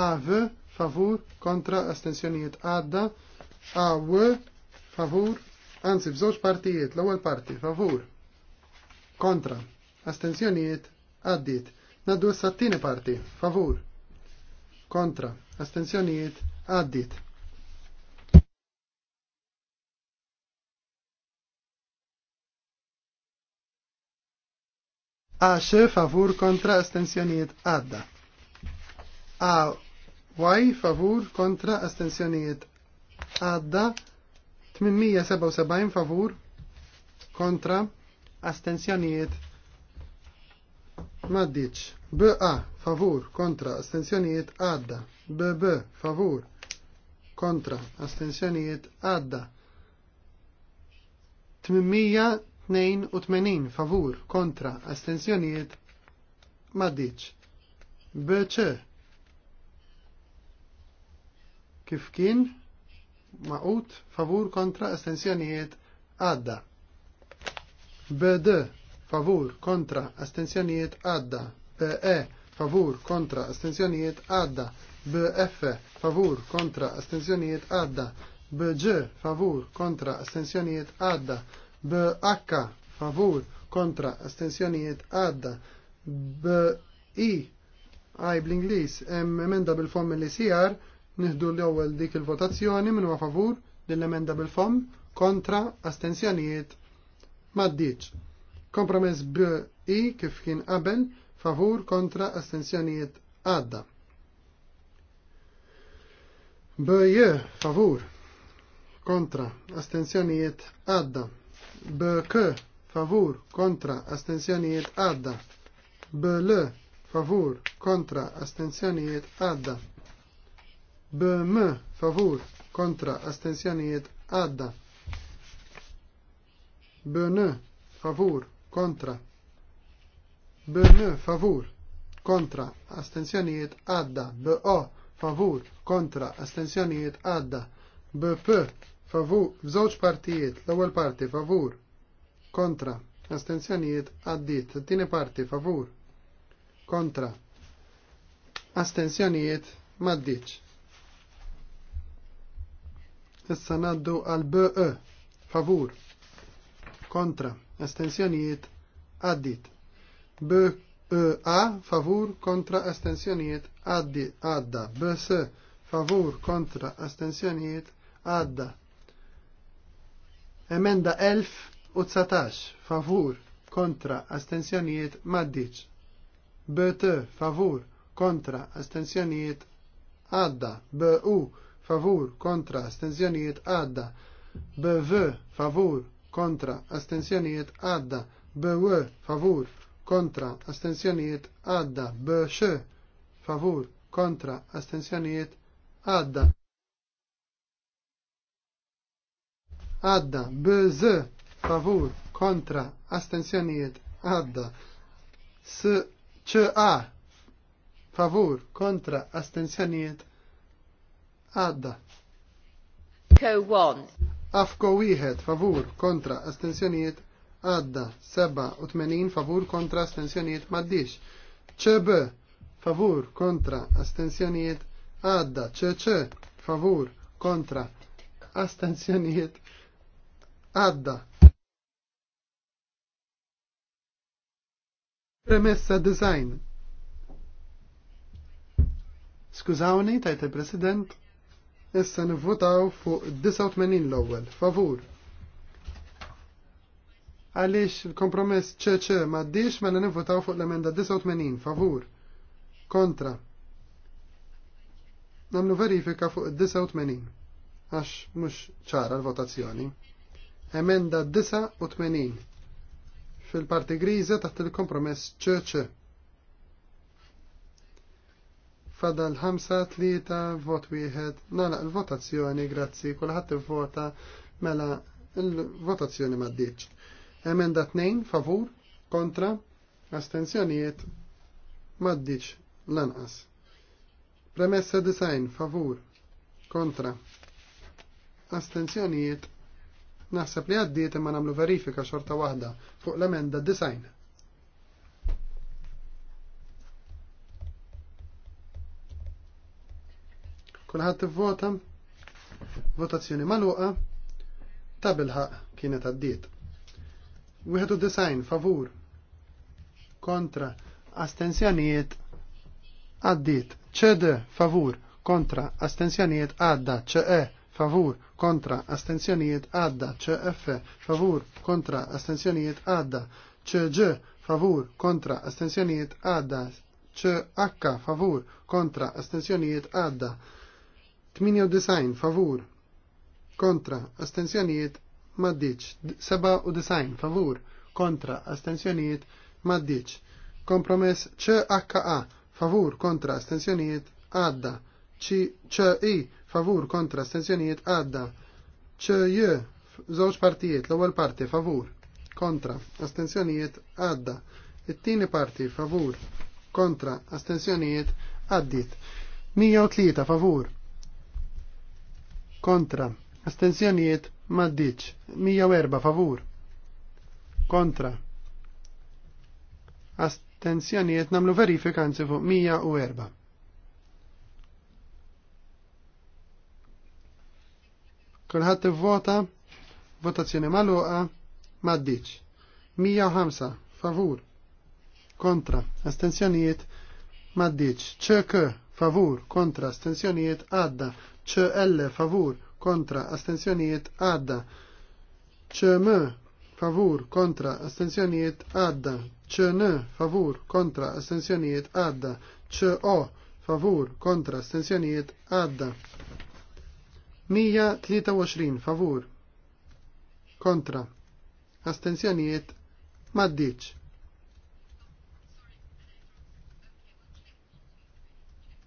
S2: AV favur kontra astensjonijiet għadda, AW favur, anzi bżoċ partijiet, l-ewwel parti favur kontra astensjonijiet għaddit. Naddu s-sattini parti favur kontra astenzjonijiet għaddit. Axe favur kontra astenzjonijiet għadda. A Y favur kontra astenzjonijiet għadda. 877 favur kontra astenzjonijiet maddiċ. BA favur kontra astenzjonijiet għadda. BB favur kontra astensjonijiet għadda 882 favur kontra astensjonijiet maddiċ. BC kif kien maqut favur kontra astensjonijiet għadda. BD favur kontra astensjonijiet għadda. Be, favur kontra astensjonijiet għadda b'F favur kontra astensjonijiet għadda b'G favur kontra astensjonijiet għadda b'H favur kontra astensjonijiet għadda b'i għaj bl-Inglis hemm emenda bil-fom li sijar nieħdu l-ewwel dik il-votazzjoni minn huwa favur l emenda bil-fom kontra astensjonijiet maddiċ. Kompromess b'i kif kien qabel favur kontra astensjonijiet għadda. Böje, favur kontra Astensioniet għadda. Böke, favur kontra astenzjonijiet għadda. Böle, favur kontra astenzjonijiet għadda. BM favur kontra astenzjonijiet għadda. BN favur kontra. BN favur kontra adda. għadda. BO favur kontra astensjonijiet għadda. BP favur f'żewġ partijiet l-ewwel parti favur kontra astensjonijiet għaddit. t-tini parti favur kontra astensjonijiet maddiċ. Issa naddu għal BE favur kontra astensjonijiet għaddit. BK A favur kontra astensjonijiet adda. għadda. S favur kontra astensjonijiet għadda. Emenda 1019 favur kontra astensjonijiet maddiċ. T favur kontra astensjonijiet għadda. u favur kontra astensjonijiet għadda. V favur kontra astensjonijiet għadda. W favur kontra astensjonijiet għadda bx favur kontra astensjonijiet għadda għadda bz favur kontra astensjonijiet għadda s A. favur kontra astensjonijiet għadda Afko wieħed favur kontra astensjonijiet għadda 87 favur kontra astensjonijiet maddix. ċb favur kontra astensjonijiet għadda ċċ favur kontra astensjonijiet għadda. Premessa design. Skużawni, tajt il-President, issa nivvutaw fuq 89 l-ewwel, favur, Għaliex il-kompromess ċeċe maddix mela nivvotaw fuq l-emenda 89 favur. Kontra. Namlu verifika fuq 89. Għax mux ċara l-votazzjoni. Emenda 89. Fil-parti griża taħt il-kompromess ċeċe. Fadal 5-3 vot wieħed. nala l votazzjoni grazzi, kulħadd vota mela il-votazzjoni d-dix. Emenda 2 favur kontra astenzjoniet, maddiċ lanqas. Premessa design favur kontra astenzjonijiet naħseb li għaddiet imma nagħmlu verifika xorta waħda fuq l-emenda design. Kulħadd ivvota votazzjoni magħluqa tabilħaq kienet għaddiet design, favur kontra astensjonijiet għaddit ċede favur kontra astensjonijiet għadda ċe favur kontra astensjonijiet għadda ċef favur kontra astensjonijiet għadda ċġ favur kontra astensjonijiet għadda ċh favur kontra astensjonijiet għadda design. favur kontra astensjonijiet maddiċ. 97 favur kontra astensjonijiet maddiċ. Kompromess CHA favur kontra astensjonijiet għadda. CI favur kontra astensjonijiet għadda. CJ żewġ partijiet l-ewwel parti favur kontra astensjonijiet għadda. It-tieni parti favur kontra astensjonijiet għaddit. 103 favur kontra Astenzjonijiet maddiċ. 104 favur. Kontra. Astenzjonijiet namlu verifika anzi fuq 104. Kulħadd ivvota votazzjoni magħluqa maddiċ. 105 favur. Kontra. Astenzjonijiet maddiċ. ċk favur. Kontra. Astenzjonijiet għadda. ċl favur kontra astensjonijiet għadda. ċm favur kontra astensjonijiet għadda. ċn favur kontra astensjonijiet għadda. ċo favur kontra astensjonijiet għadda. 123 favur kontra astensjonijiet maddiċ.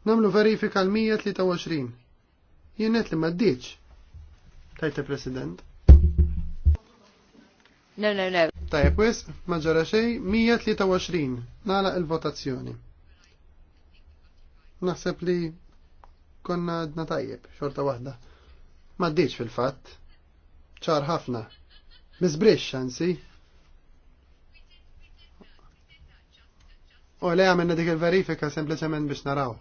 S2: Namlu verifika l-123. Jienet li maddiċ tajt il-President. No, no, no. Tajab, pues, maġġara xej, 123, nala il-votazzjoni. Naħseb li konna għadna tajjeb, xorta wahda. Maddiċ fil-fat, ċar ħafna, mizbrix xansi. U le għamenna dik il-verifika sempliciment biex naraw.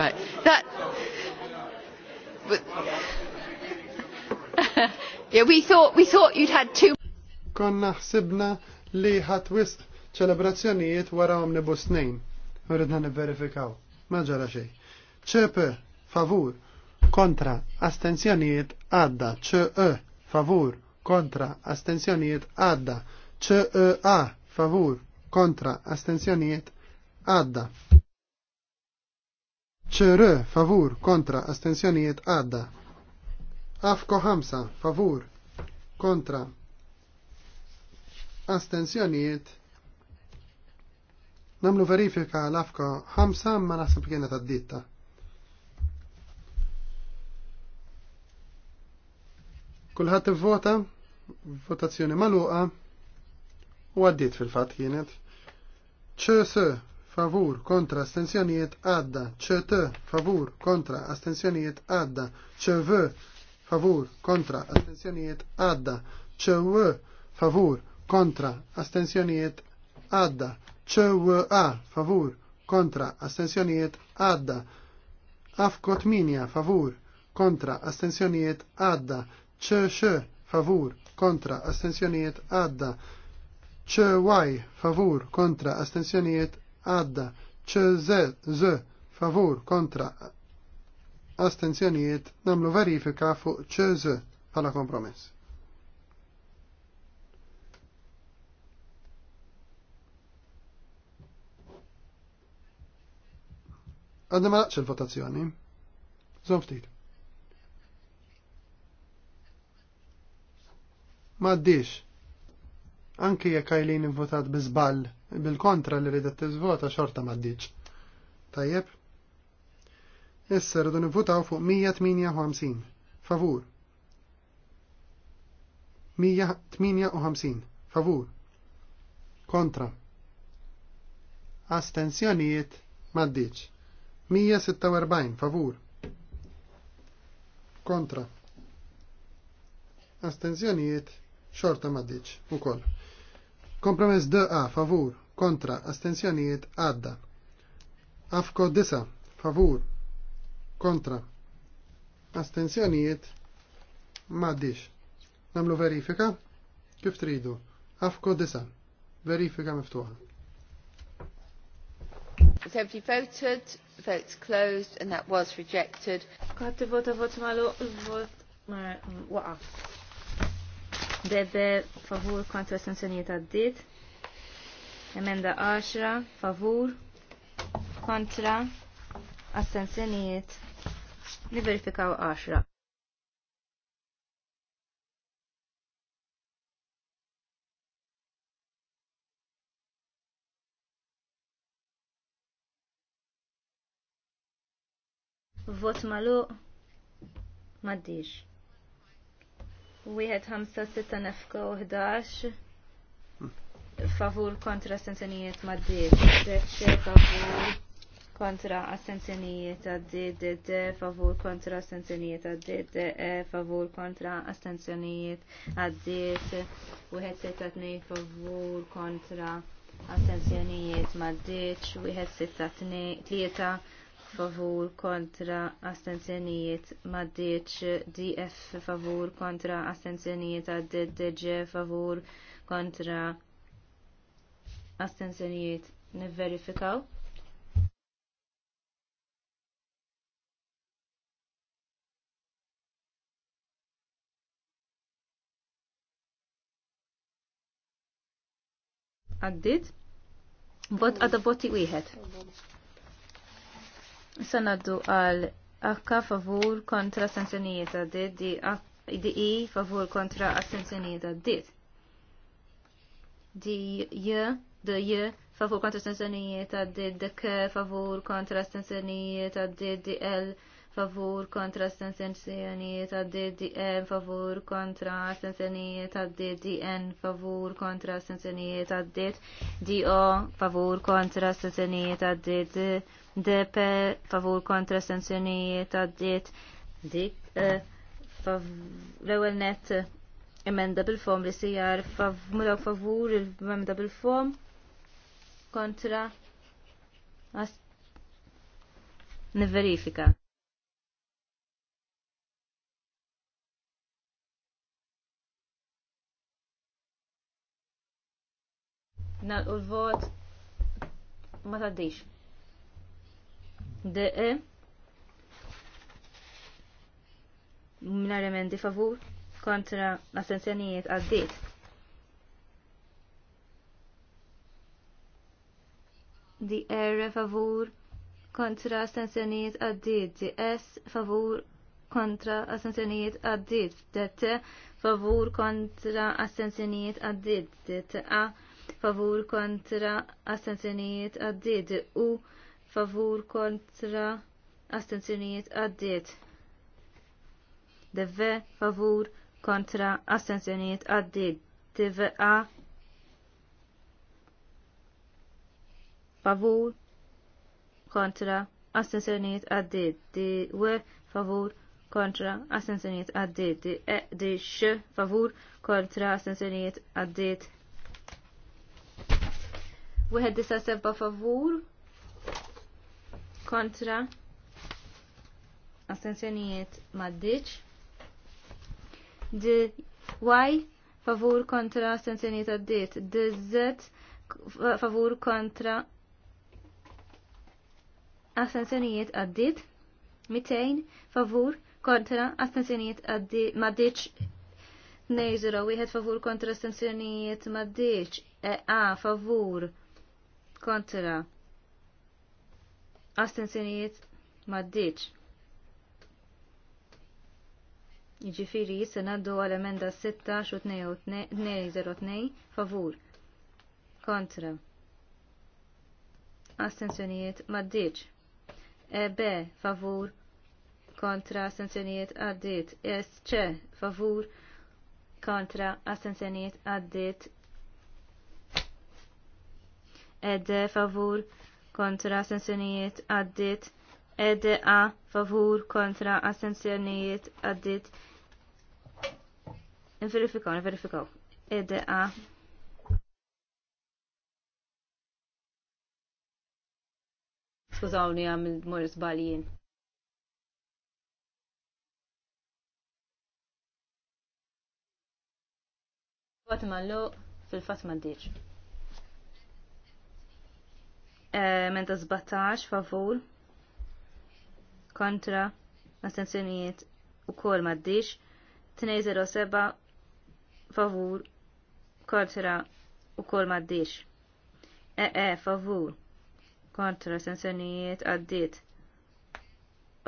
S1: Right. That, but, yeah, we thought, we thought you'd had two. Konna
S2: ħsibna li ħat wisq ċelebrazzjonijiet wara omnibus 2. Uridna verifikaw. Ma ġara xej. ċepe, favur, kontra, astenzjonijiet għadda. ċe, favur, kontra, astenzjonijiet għadda. ċe, a, favur, kontra, astenzjonijiet għadda ċr favur kontra astensjonijiet għadda. Afko ħamsa, favur kontra astensjonijiet namlu verifika l-afko 5 ma naħseb kienet ditta. Kulħadd ivvota, votazzjoni maluqa u għaddiet fil-fatt kienet. ċ favur kontra astensjonijiet għadda, ċt favur kontra astensjonijiet għadda, ċv favur kontra astensjonijiet għadda, ċw favur kontra astensjonijiet għadda, ċw a favur kontra astensjonijiet għadda, afkot minja favur kontra astensjonijiet għadda, ċx favur kontra astensjonijiet għadda, ċy favur kontra astensjonijiet għadda ċ favur kontra astenzjonijiet namlu verifika fuq ċ bħala kompromess. Għadna ma laqx il-votazzjoni. Zon ftit. Ma għaddix. Anki jekk għajlin votat bizball bil-kontra li ridet tiżvota xorta maddiċ. Tajjeb? Issa rridu nivvutaw fuq 158. Favur. 158. Favur. Kontra. Astenzjonijiet maddiċ. 146. Favur. Kontra. Astenzjonijiet xorta maddiċ. U koll. Kompromess a Favur kontra astensjonijiet għadda. Afko disa favur kontra astensjonijiet maddix. Namlu verifika kif tridu. Afko disa verifika miftuħa.
S1: Is empty voted? Votes closed and that was rejected. Kati vota vot malu, vot waqaf.
S4: Debe favur kontra sanzjoniet għaddit. Emenda 10, favur, kontra, assenzjonijiet, niverifikaw 10. Vot malu maddix. Wieħed ħamsa sitta nefka u ħdax favur kontra assenzjonijiet maddit, deċe favur kontra assenzjonijiet għaddit, de favur kontra assenzjonijiet għaddit, de favur kontra assenzjonijiet għaddit, u sitta tnej favur kontra assenzjonijiet maddit, u sitta tlieta favur kontra astenzjonijiet maddiċ DF favur kontra astenzjonijiet għaddit DG favur kontra Astenzjonijiet nivverifikaw. Għaddit. Vot għadda voti wieħed. Issa naddu għal akka favur kontra sanzjonijiet għaddit di i favur kontra astensjonijiet għaddit. Di j d favor kontra de de ke favor kontra de għaddit dl favor kontra de għaddit dm favor kontra de għaddit en favor, kontra de għaddit do favor kontra de de pe favor kontra stenzjonijiet de dik e, l-ewel net emenda bil-fom li sijar mulaw favur il-emenda bil-fom kontra as niverifika. Nalqu l-vot ma taddix. DE Minar emendi favur kontra assenzjonijiet għaddit. di R favur kontra astensjonijiet għaddit, di S favur kontra astensjonijiet għaddit, det favur kontra astensjonijiet għaddit, det A favur kontra astensjonijiet għaddit, U favur kontra astensjonijiet għaddit, V, favur kontra astensjonijiet għaddit, TVA favur kontra astensjoniet għaddit di w favur kontra astensjoniet għaddit di e di x favur kontra astensjoniet għaddit Wieħed disa sebba favur kontra astensjonijiet maddiċ. di y favur kontra astensjonijiet għaddit. D z favur kontra astensjonijiet għaddit, 200 favur kontra astensjonijiet għaddit maddiċ nejżura, wieħed favur kontra astensjonijiet maddiċ, e a favur kontra astensjonijiet maddiċ. Ġifiri, jissa naddu għal-emenda 16 u 202 favur kontra astensjonijiet maddiċ. E B favur kontra astensjonijiet għaddit. E, S C favur kontra astensjonijiet għaddit. E, D favur kontra astensjonijiet għaddit. E, D A favur kontra astensjonijiet għaddit. Verifikaw, verifikaw. Ed A skużawni għam il-mur zbaljien. Fatma l fil-Fatma d eh, Menta zbattax favur kontra astenzjonijiet u kol maddiċ. 207 favur kontra u kol maddiċ. E eh, e eh, favur kontra sensenijiet għaddit.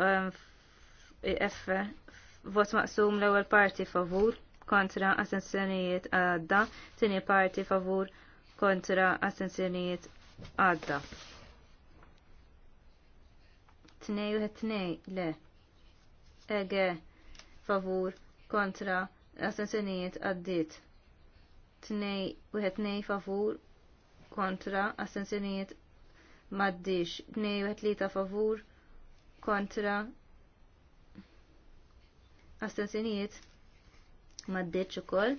S4: Ehm, F vot maqsum l-ewwel parti favur kontra assenzjonijiet għadda, tini parti favur kontra assenzjonijiet għadda. Tnej u tnej, le. Ege favur kontra assenzjonijiet għaddit. Tnej u tnej favur kontra assenzjonijiet maddix 2-3 favur kontra astensjonijiet maddiċ ukoll. koll.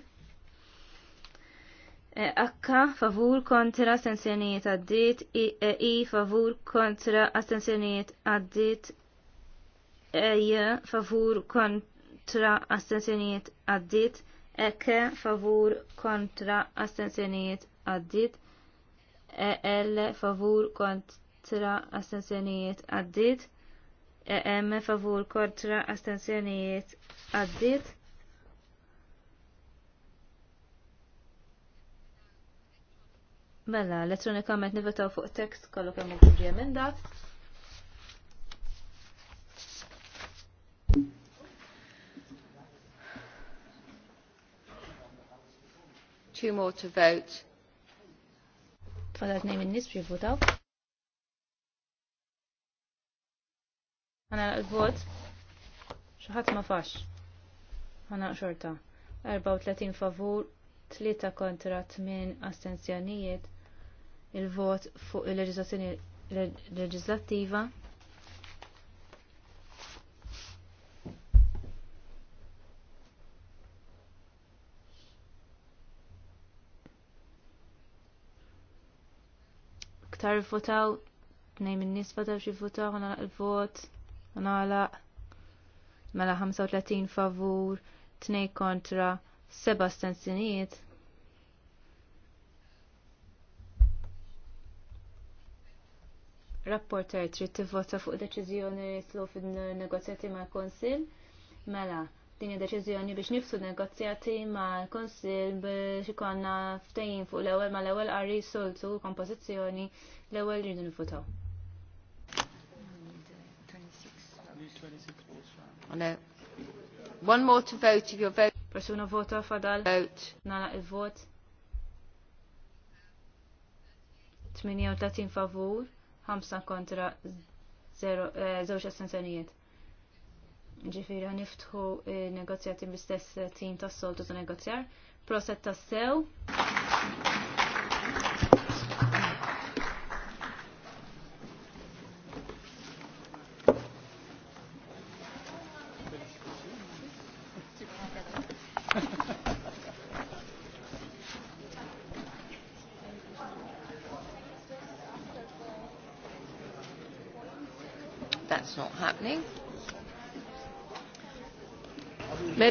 S4: Eh, akka favur kontra astensjonijiet għaddit, I, eh, favur kontra astensjonijiet għaddit, e, J favur kontra astensjonijiet għaddit, Eke favur kontra astensjonijiet għaddit, EL favur kontra astensjonijiet għaddit. EM favur kontra astensjonijiet għaddit. Mela, elettronikament nivetaw fuq tekst kollu kemm ġie minn dat.
S1: Two more to vote.
S4: Tfadat nejn minn nis jivvotaw. Għana l-vot. Xaħat ma fax. Għana xorta. 34 favur, 3 kontra 8 astenzjonijiet. Il-vot fuq il-leġizzazzjoni leġizlattiva. tar votaw, nej minn nisba tar xi votaw, għana il-vot, għana mela 35 favur, 2 kontra, 7 stanzinijiet. Rapporter trid tivvota fuq deċiżjoni li tlu fin-negozjati mal-Konsil mela din id-deċiżjoni biex nifsu negozjati ma' konsil biex ikonna ftejn fuq l-ewwel ma' l-ewwel qari soltu kompożizzjoni l-ewwel rridu nifutaw. One more to vote if you're vote. Persuna vota fadal. Vote. Nala il-vot. 38 favur, 5 kontra 0 eh, assenzjonijiet ġifiri niftħu eh, negozjati bl-istess tim tas soltu ta' negozjar. Proset tas sew.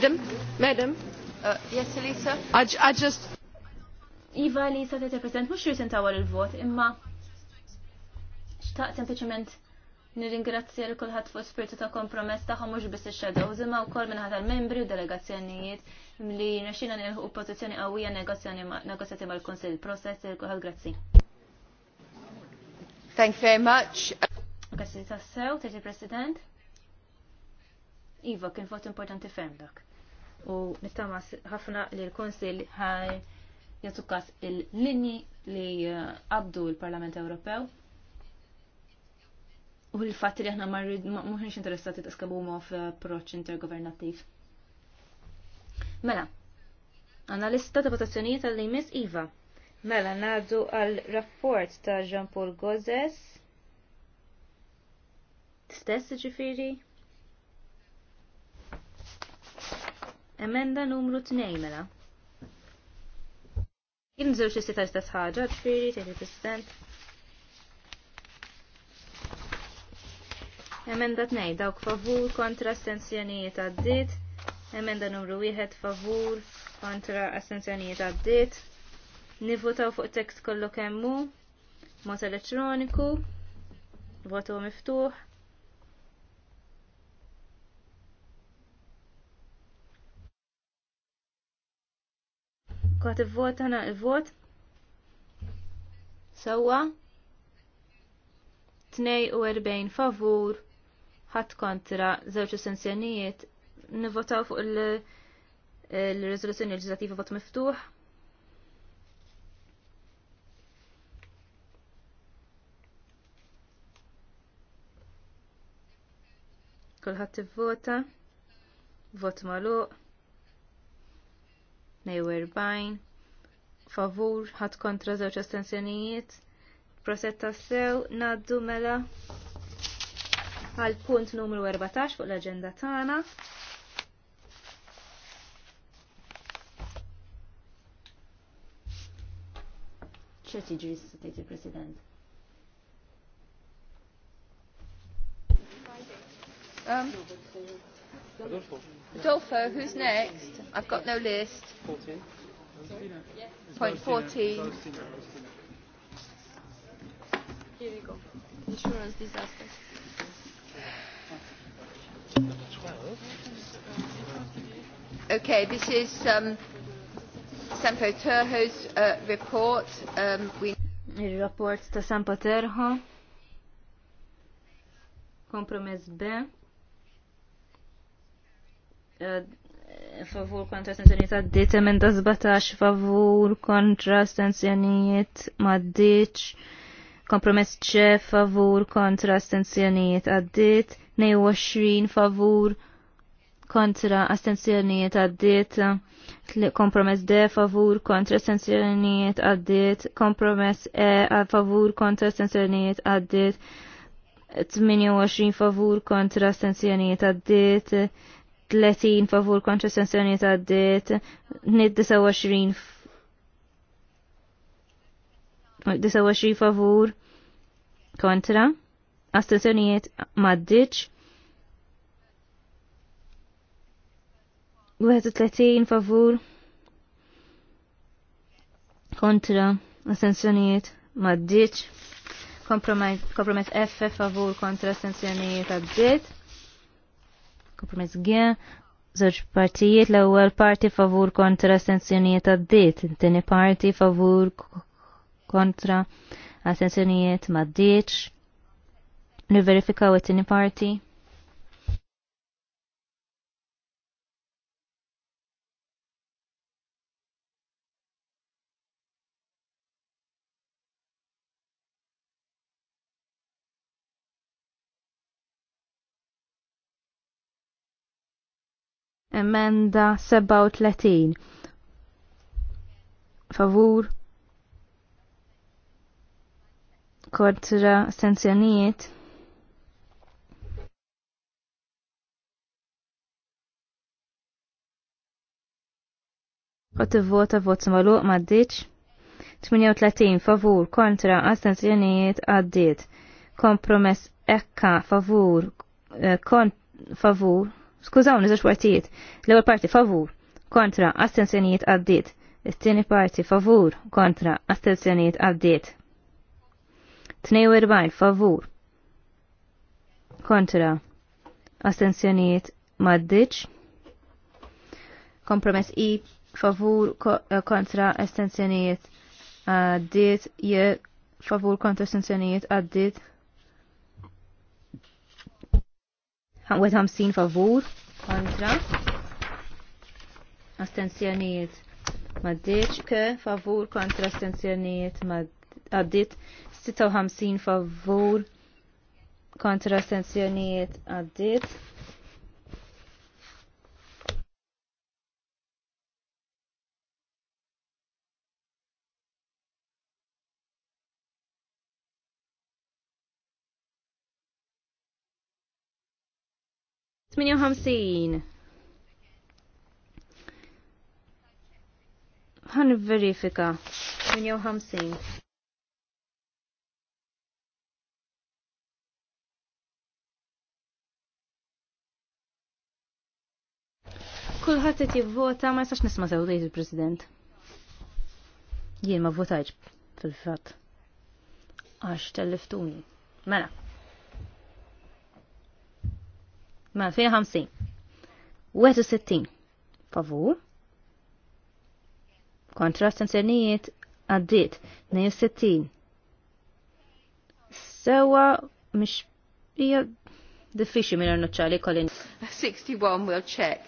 S1: Madam, Madam. Uh, yes, Elisa. I, I just... Iva,
S4: Elisa, tete present, mux jrisin tawal il-vot, imma xtaq sempliciment nirringrazzja l kulħadd fuq spiritu ta' kompromess tagħhom mhux biss ix-shadows imma wkoll minn ħadd membri u delegazzjonijiet li nexxina u pożizzjoni qawwija negozjati mal-Kunsill. Process il kullħat grazzi.
S1: Thank you very much.
S4: Grazzi tassew, Teti President. Iva, kien vot importanti ferm dak u nittama ħafna li l-Konsil ħaj jatukas il-linji li għabdu eh, l-Parlament Ewropew u l-fatt li aħna maħnix interessati t-skabu ma f-proċ eh, intergovernativ. Mela, għanna lista ta' votazzjonijiet għal jmiss Iva. Mela, naddu għal rapport ta' Jean-Paul Gozes. Stess ġifiri? Emenda numru 2 mela. Jinżew xi sita stess ħaġa, ġifieri tgħid president. Emenda 2 dawk favur kontra assenzjonijiet għaddit. Emenda numru 1 favur kontra assenzjonijiet għaddit. Nivvotaw fuq tekst kollu kemmu. Mod elettroniku. Votu miftuħ. Kwa t-vot għana il-vot. Sawa. 42 favur. Ħat kontra zewċ essenzjonijiet. Nivotaw fuq il rezoluzjoni leġislativa vot miftuħ. Kulħadd vota Vot magħluq. 42, favur, ħat kontra żewġ astensjonijiet, prosetta sew, naddu mela għal punt numru 14 fuq l-agenda tana.
S1: ċe tiġri s-sajt il-President? Um, Adolfo. who's next? I've got no list. 14. Point 14. Here we go. Insurance disaster. Okay, this is um, Sampo Terho's uh, report. Um, we Il-rapport ta' Sampo Terho.
S4: Compromise B. Eh, favur kontra sanzjonijiet għaddit, da 17 favur kontra sanzjonijiet maddiċ, kompromess ċe favur kontra sanzjonijiet għaddit, 22 favur kontra astenzjonijiet għaddit, kompromess D favur kontra astenzjonijiet għaddit, kompromess E favur kontra astenzjonijiet għaddit, 28 favur kontra astenzjonijiet għaddit, 30 favur kontra sensjoni ta' dit, 29 29 favur kontra, astensjonijiet maddiċ, 31 favur kontra, astensjonijiet maddiċ, kompromess F favur kontra astensjonijiet għaddit, Kompromess G, żewġ partijiet l-ewwel parti favur kontra sensjonijiet għaddit, t-tini parti favur kontra astensjonijiet maddiċ, ddiċ. verifikaw it-tieni parti. Emenda 37. Favur. Kontra astenzjonijiet. Għat vota vot maluq maddiċ. 38 favur kontra astenzjonijiet għaddiet. Kompromess ekka favur eh, kont favur skużaw żewġ partijiet. L-ewwel parti favur kontra astensjonijiet għaddit, It-tieni parti favur kontra astensjonijiet għaddiet. 42 favur kontra astensjonijiet maddiċ. Kompromess I favur ko, eh, kontra astensjonijiet għaddit, Je favur kontra astensjonijiet għaddit. 51 favur kontra astenzjonijiet maddiċ ke favur kontra astenzjonijiet għaddit 56 favur kontra astenzjonijiet għaddit 58. Għan verifika. 58. Kulħadd qed jivvota ma jistax nisma' sew il-President. Jien ma votajx fil-fatt. Għax telliftuni. Mela. ma' 2050. 61 favur kontra astensjonijiet għaddiet 62. Sewa mish hija diffiċli minn arnoċċali kollin.
S1: 61 will check.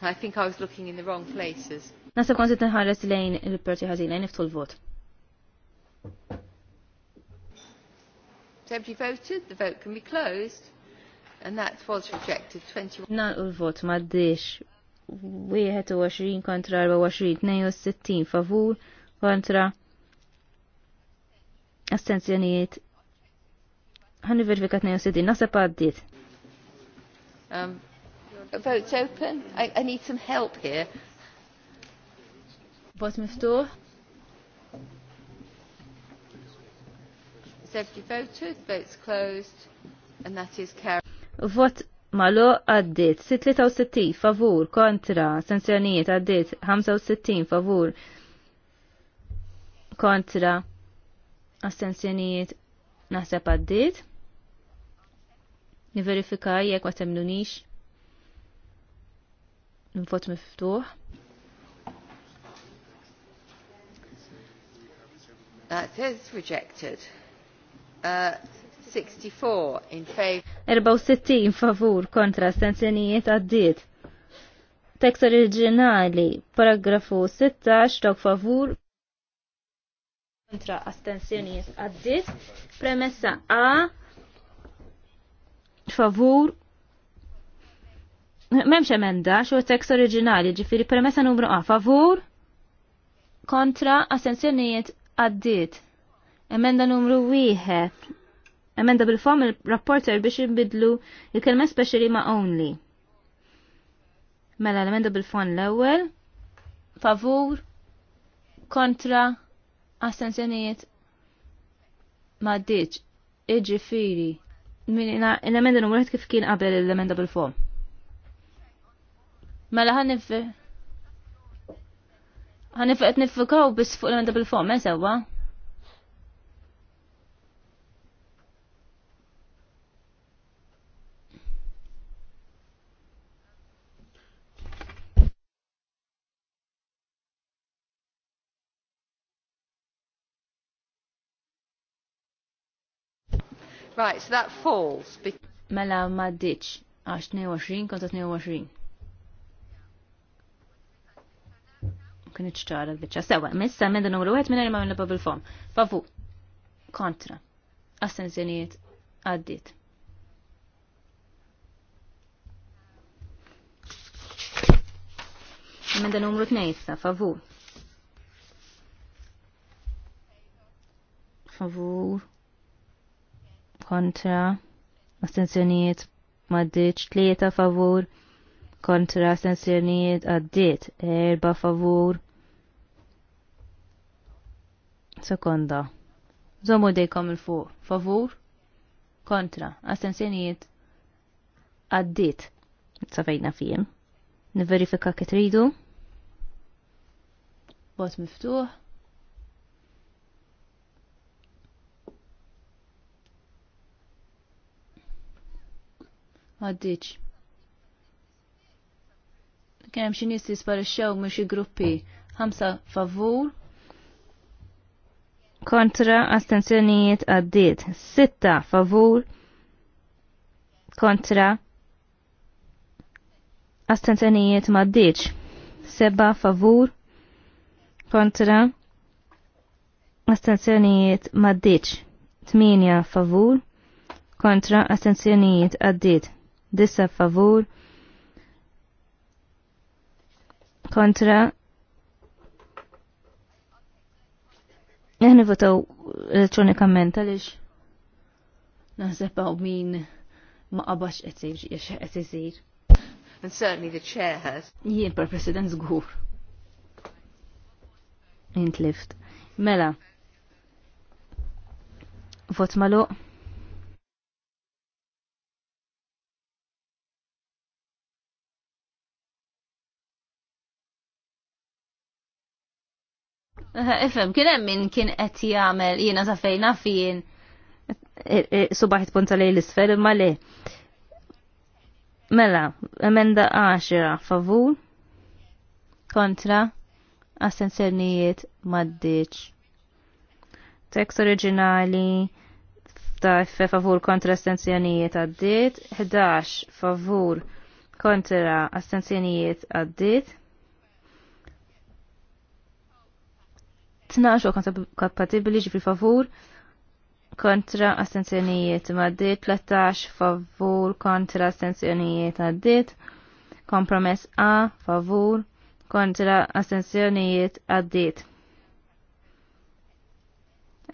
S1: I think I was looking in the wrong places.
S4: Nasa konti tinħares lejn il-perti ħażin lejn iftul vot
S1: So have you voted? The vote can be closed. And that was rejected. 21.
S4: Nan u l-vot maddix. 21 kontra 24, 62 favur kontra astenzjonijiet. Għanni verifikat 62, nasab
S1: għaddit. Um, vote's open. I, I need some help here. Vot miftuħ. Has everybody voted? Vote's closed. And that is carried
S4: vot Malo għaddit 63 favur kontra sanzjonijiet għaddit 65 favur kontra astensjonijiet naħseb għaddit. Niverifika jekk ma temlunix. Nfot
S1: miftuħ. That is rejected. Uh, 64 in
S4: favor. favur kontra astensjonijiet għaddiet. Tekst oriġinali, paragrafu 16, tok favur kontra astensjonijiet għaddit. Premessa A, favur, memx emenda, xo tekst oriġinali, ġifiri premessa numru A, favur, kontra astensjonijiet għaddit. Emenda numru 1, emenda bil-fom il-rapporter biex jinbidlu il-kelma specially ma' only. Mela l-emenda bil-fom l-ewel, favur, kontra, astensjonijiet ma' diċ, firi. l-emenda numru kif kien qabel l-emenda bil-fom. Mela ħanif ħanif qed nifikaw biss fuq l-emenda bil-fom, ma' eh, sewwa?
S1: Right, so that falls.
S4: Mela ma ditx, għax 22 kontra 22. Kien iċċara l-bicċa. Sewa, missa minn dan numru 1 minn ma minn l-bubble form. Favu, kontra. Astenzjonijiet għaddit. Minn dan numru 2 issa, fafu. Favur kontra astenzjonijiet maddiċ, tlieta favur kontra astenzjonijiet għaddiet, erba favur sekonda. Zomu dejkom il-fuq, favur kontra astenzjonijiet għaddiet, safajna fijem. Niverifika kitridu. Bot miftuħ. Għaddiċ. Kien hemm xi nies li sparixxew xi gruppi ħamsa favur kontra astensjonijiet għaddiet. Sitta favur kontra Astensjonijiet maddiċ. Seba favur kontra Astensjonijiet maddiċ. Tminja favur kontra astensjonijiet għaddiet disa favur kontra Neħni votaw elettronikament għalix
S1: naħseb għaw min ma qabax qed isir. And certainly the chair has. Jien per
S4: president Zgur. Jint lift. Mela. Vot maluq. Ifem, kien hemm min kien qed jagħmel jiena ta' fejn fien subaħ tpunta lejn l-isfel imma le. Mela, emenda 10 favur kontra assenzjonijiet maddiċ. Tekst oriġinali ta' F favur kontra assenzjonijiet għaddit, 11 favur kontra assenzjonijiet għaddit, 12 u kompatibli ġifri favur kontra astenzjonijiet maddit, 13 favur kontra astenzjonijiet maddit, kompromess A favur kontra astenzjonijiet għaddit.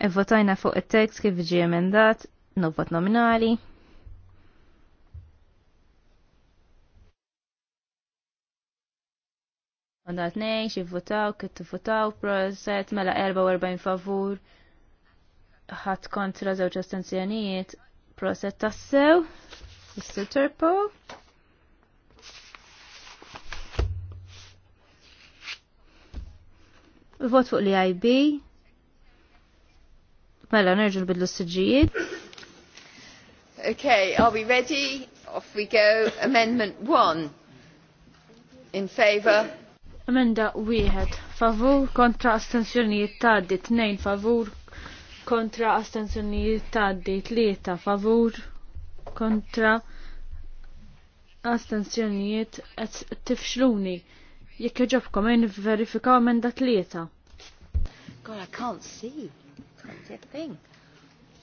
S4: E votajna fuq it-tekst kif ġie emendat, no vot nominali. Għandat nej, xivvotaw, kittu votaw, prozet, mela 44 favur, ħat kontra zewċ astenzjonijiet, prozet tassew, Mr. Turpo. Vot fuq li IB. Mela, nerġu bidlu s-sġijiet.
S1: Okay, are we ready? Off we go. Amendment 1. In favour?
S3: Emenda wieħed favur kontra astensjonijiet tgħaddi tnejn favur kontra astensjonijiet tgħaddi tlieta favur kontra astensjonijiet qed tifxluni. Jekk joġobkom għajn verifikaw emenda tlieta.
S1: God, I can't see. Can't see a thing.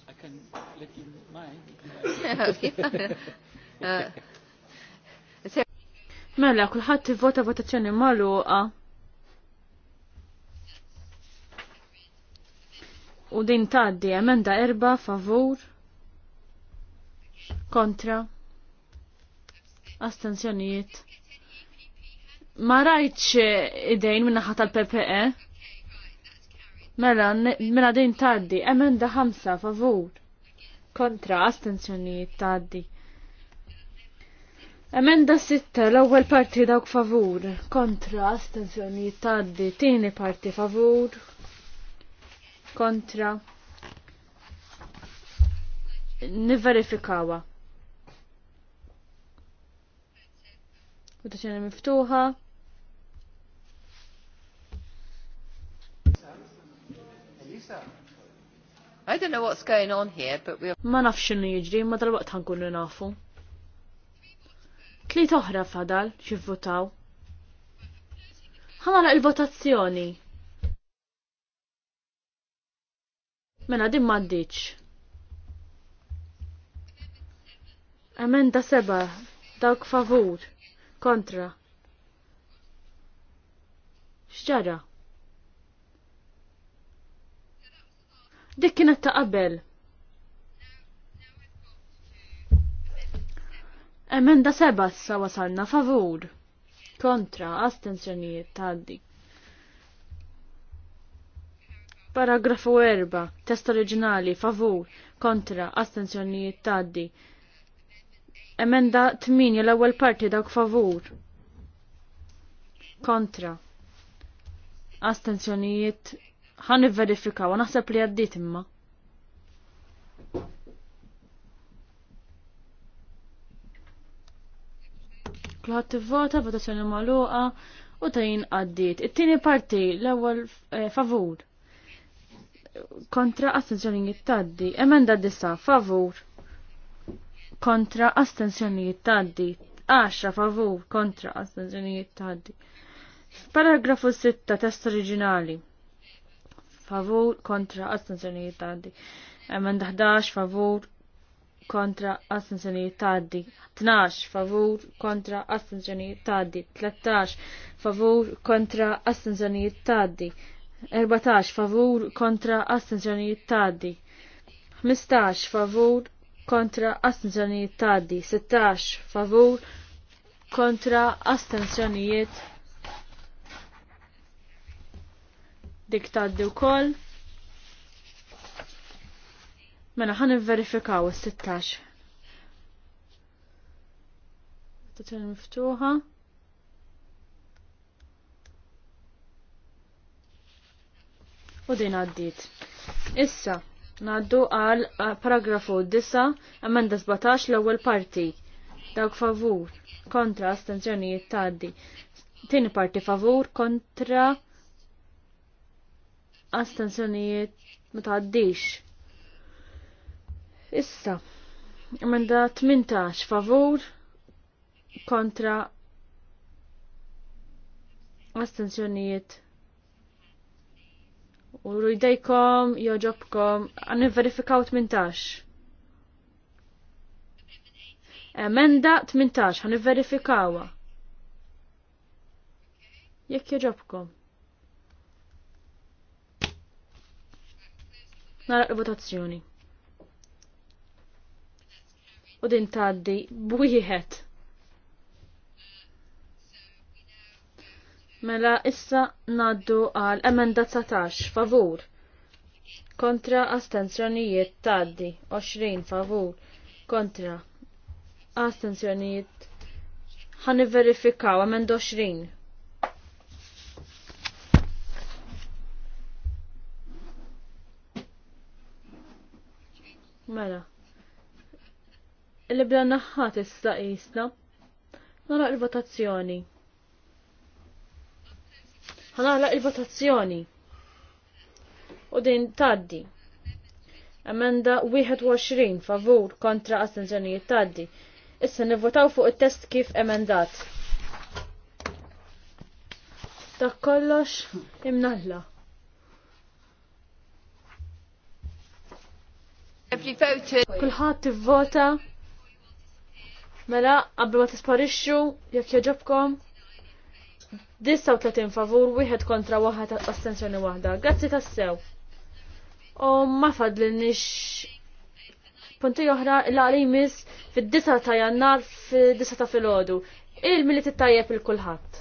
S1: I can look in mine. uh,
S3: Mela, kulħadd ivvota votazzjoni magħluqa. U din tgħaddi emenda erba favur kontra astensjonijiet. Ma rajtx idejn minna naħa tal ppe Mela, mela din tgħaddi emenda ħamsa favur kontra astensjonijiet tgħaddi. Emenda sitta l-ewwel parti dawk favur, kontra astensjonijiet tgħaddi, tieni parti favur, kontra niverifikawa. Votazzjoni miftuħa.
S1: I don't know what's going on here, but we Ma nafx x'inhu jiġri, ma dalwaqt ħankunu nafu.
S3: Tliet oħra fadal xivvutaw. Ħanara il-votazzjoni. Mela din m'għaddiċ. Emenda seba, dawk favur, kontra. Xġara? Dik kienet ta' qabel. Emenda seba sa wasalna favur. Kontra astenzjonijiet taddi. Paragrafu 4. Test oriġinali favur. Kontra astenzjonijiet taddi. Emenda tmini l-ewwel parti dawk favur. Kontra. Astenzjonijiet ħan verifikaw, naħseb li għaddit imma. Kulħadd tivvota, votazzjoni magħluqa u tajin għaddiet. It-tieni parti l-ewwel eh, favur. Kontra astensjonijiet taddi. Emenda disa favur. Kontra astensjonijiet taddi. 10 favur kontra astensjonijiet taddi. Paragrafu 6 test oriġinali favur kontra astenzjonijiet għaddi. Emenda 11 favur kontra astenzjonijiet taddi, 12 favur kontra astenzjonijiet taddi, 13 favur kontra astenzjonijiet taddi, 14 favur kontra astenzjonijiet taddi, 15 favur kontra astenzjonijiet taddi, 16 favur kontra astenzjonijiet dik taddi wkoll. Mela ħan verifikaw is-16. Votazzjoni miftuħa. U din għaddit. Issa, ngħaddu għal paragrafu 9, emenda 17 l-ewwel parti. Dawk favur, kontra astenzjonijiet tgħaddi. Tieni parti favur, kontra astenzjonijiet ma tgħaddix. Issa, emenda 18 favur kontra astenzjonijiet u rujdejkom, joġobkom għanni verifikaw 18. Emenda 18, għanni verifikawa. Jek joġobkom. Naraq votazzjoni u din taddi bwieħed. Mela issa naddu għal emenda 19 favur kontra astenzjonijiet taddi, 20 favur kontra astenzjonijiet ħan verifikaw emenda 20 Mela, li bla naħħa tista' qisna. Naraq il-votazzjoni. Ħanaqlaq il-votazzjoni. U din taddi. Emenda 21 favur kontra astenzjonijiet taddi. Issa nivvotaw fuq it-test kif emendat. Dak kollox imnalla. Kulħadd tivvota? Mela, qabel ma tisparixxu, jekk jogħġobkom, 39 favur, wieħed kontra waħed astensjoni waħda. Grazzi tassew. U ma fadlinix punti oħra l-għali mis fid-disa ta' jannar fid-disa ta' filgħodu. il milli tajjeb il-kulħadd.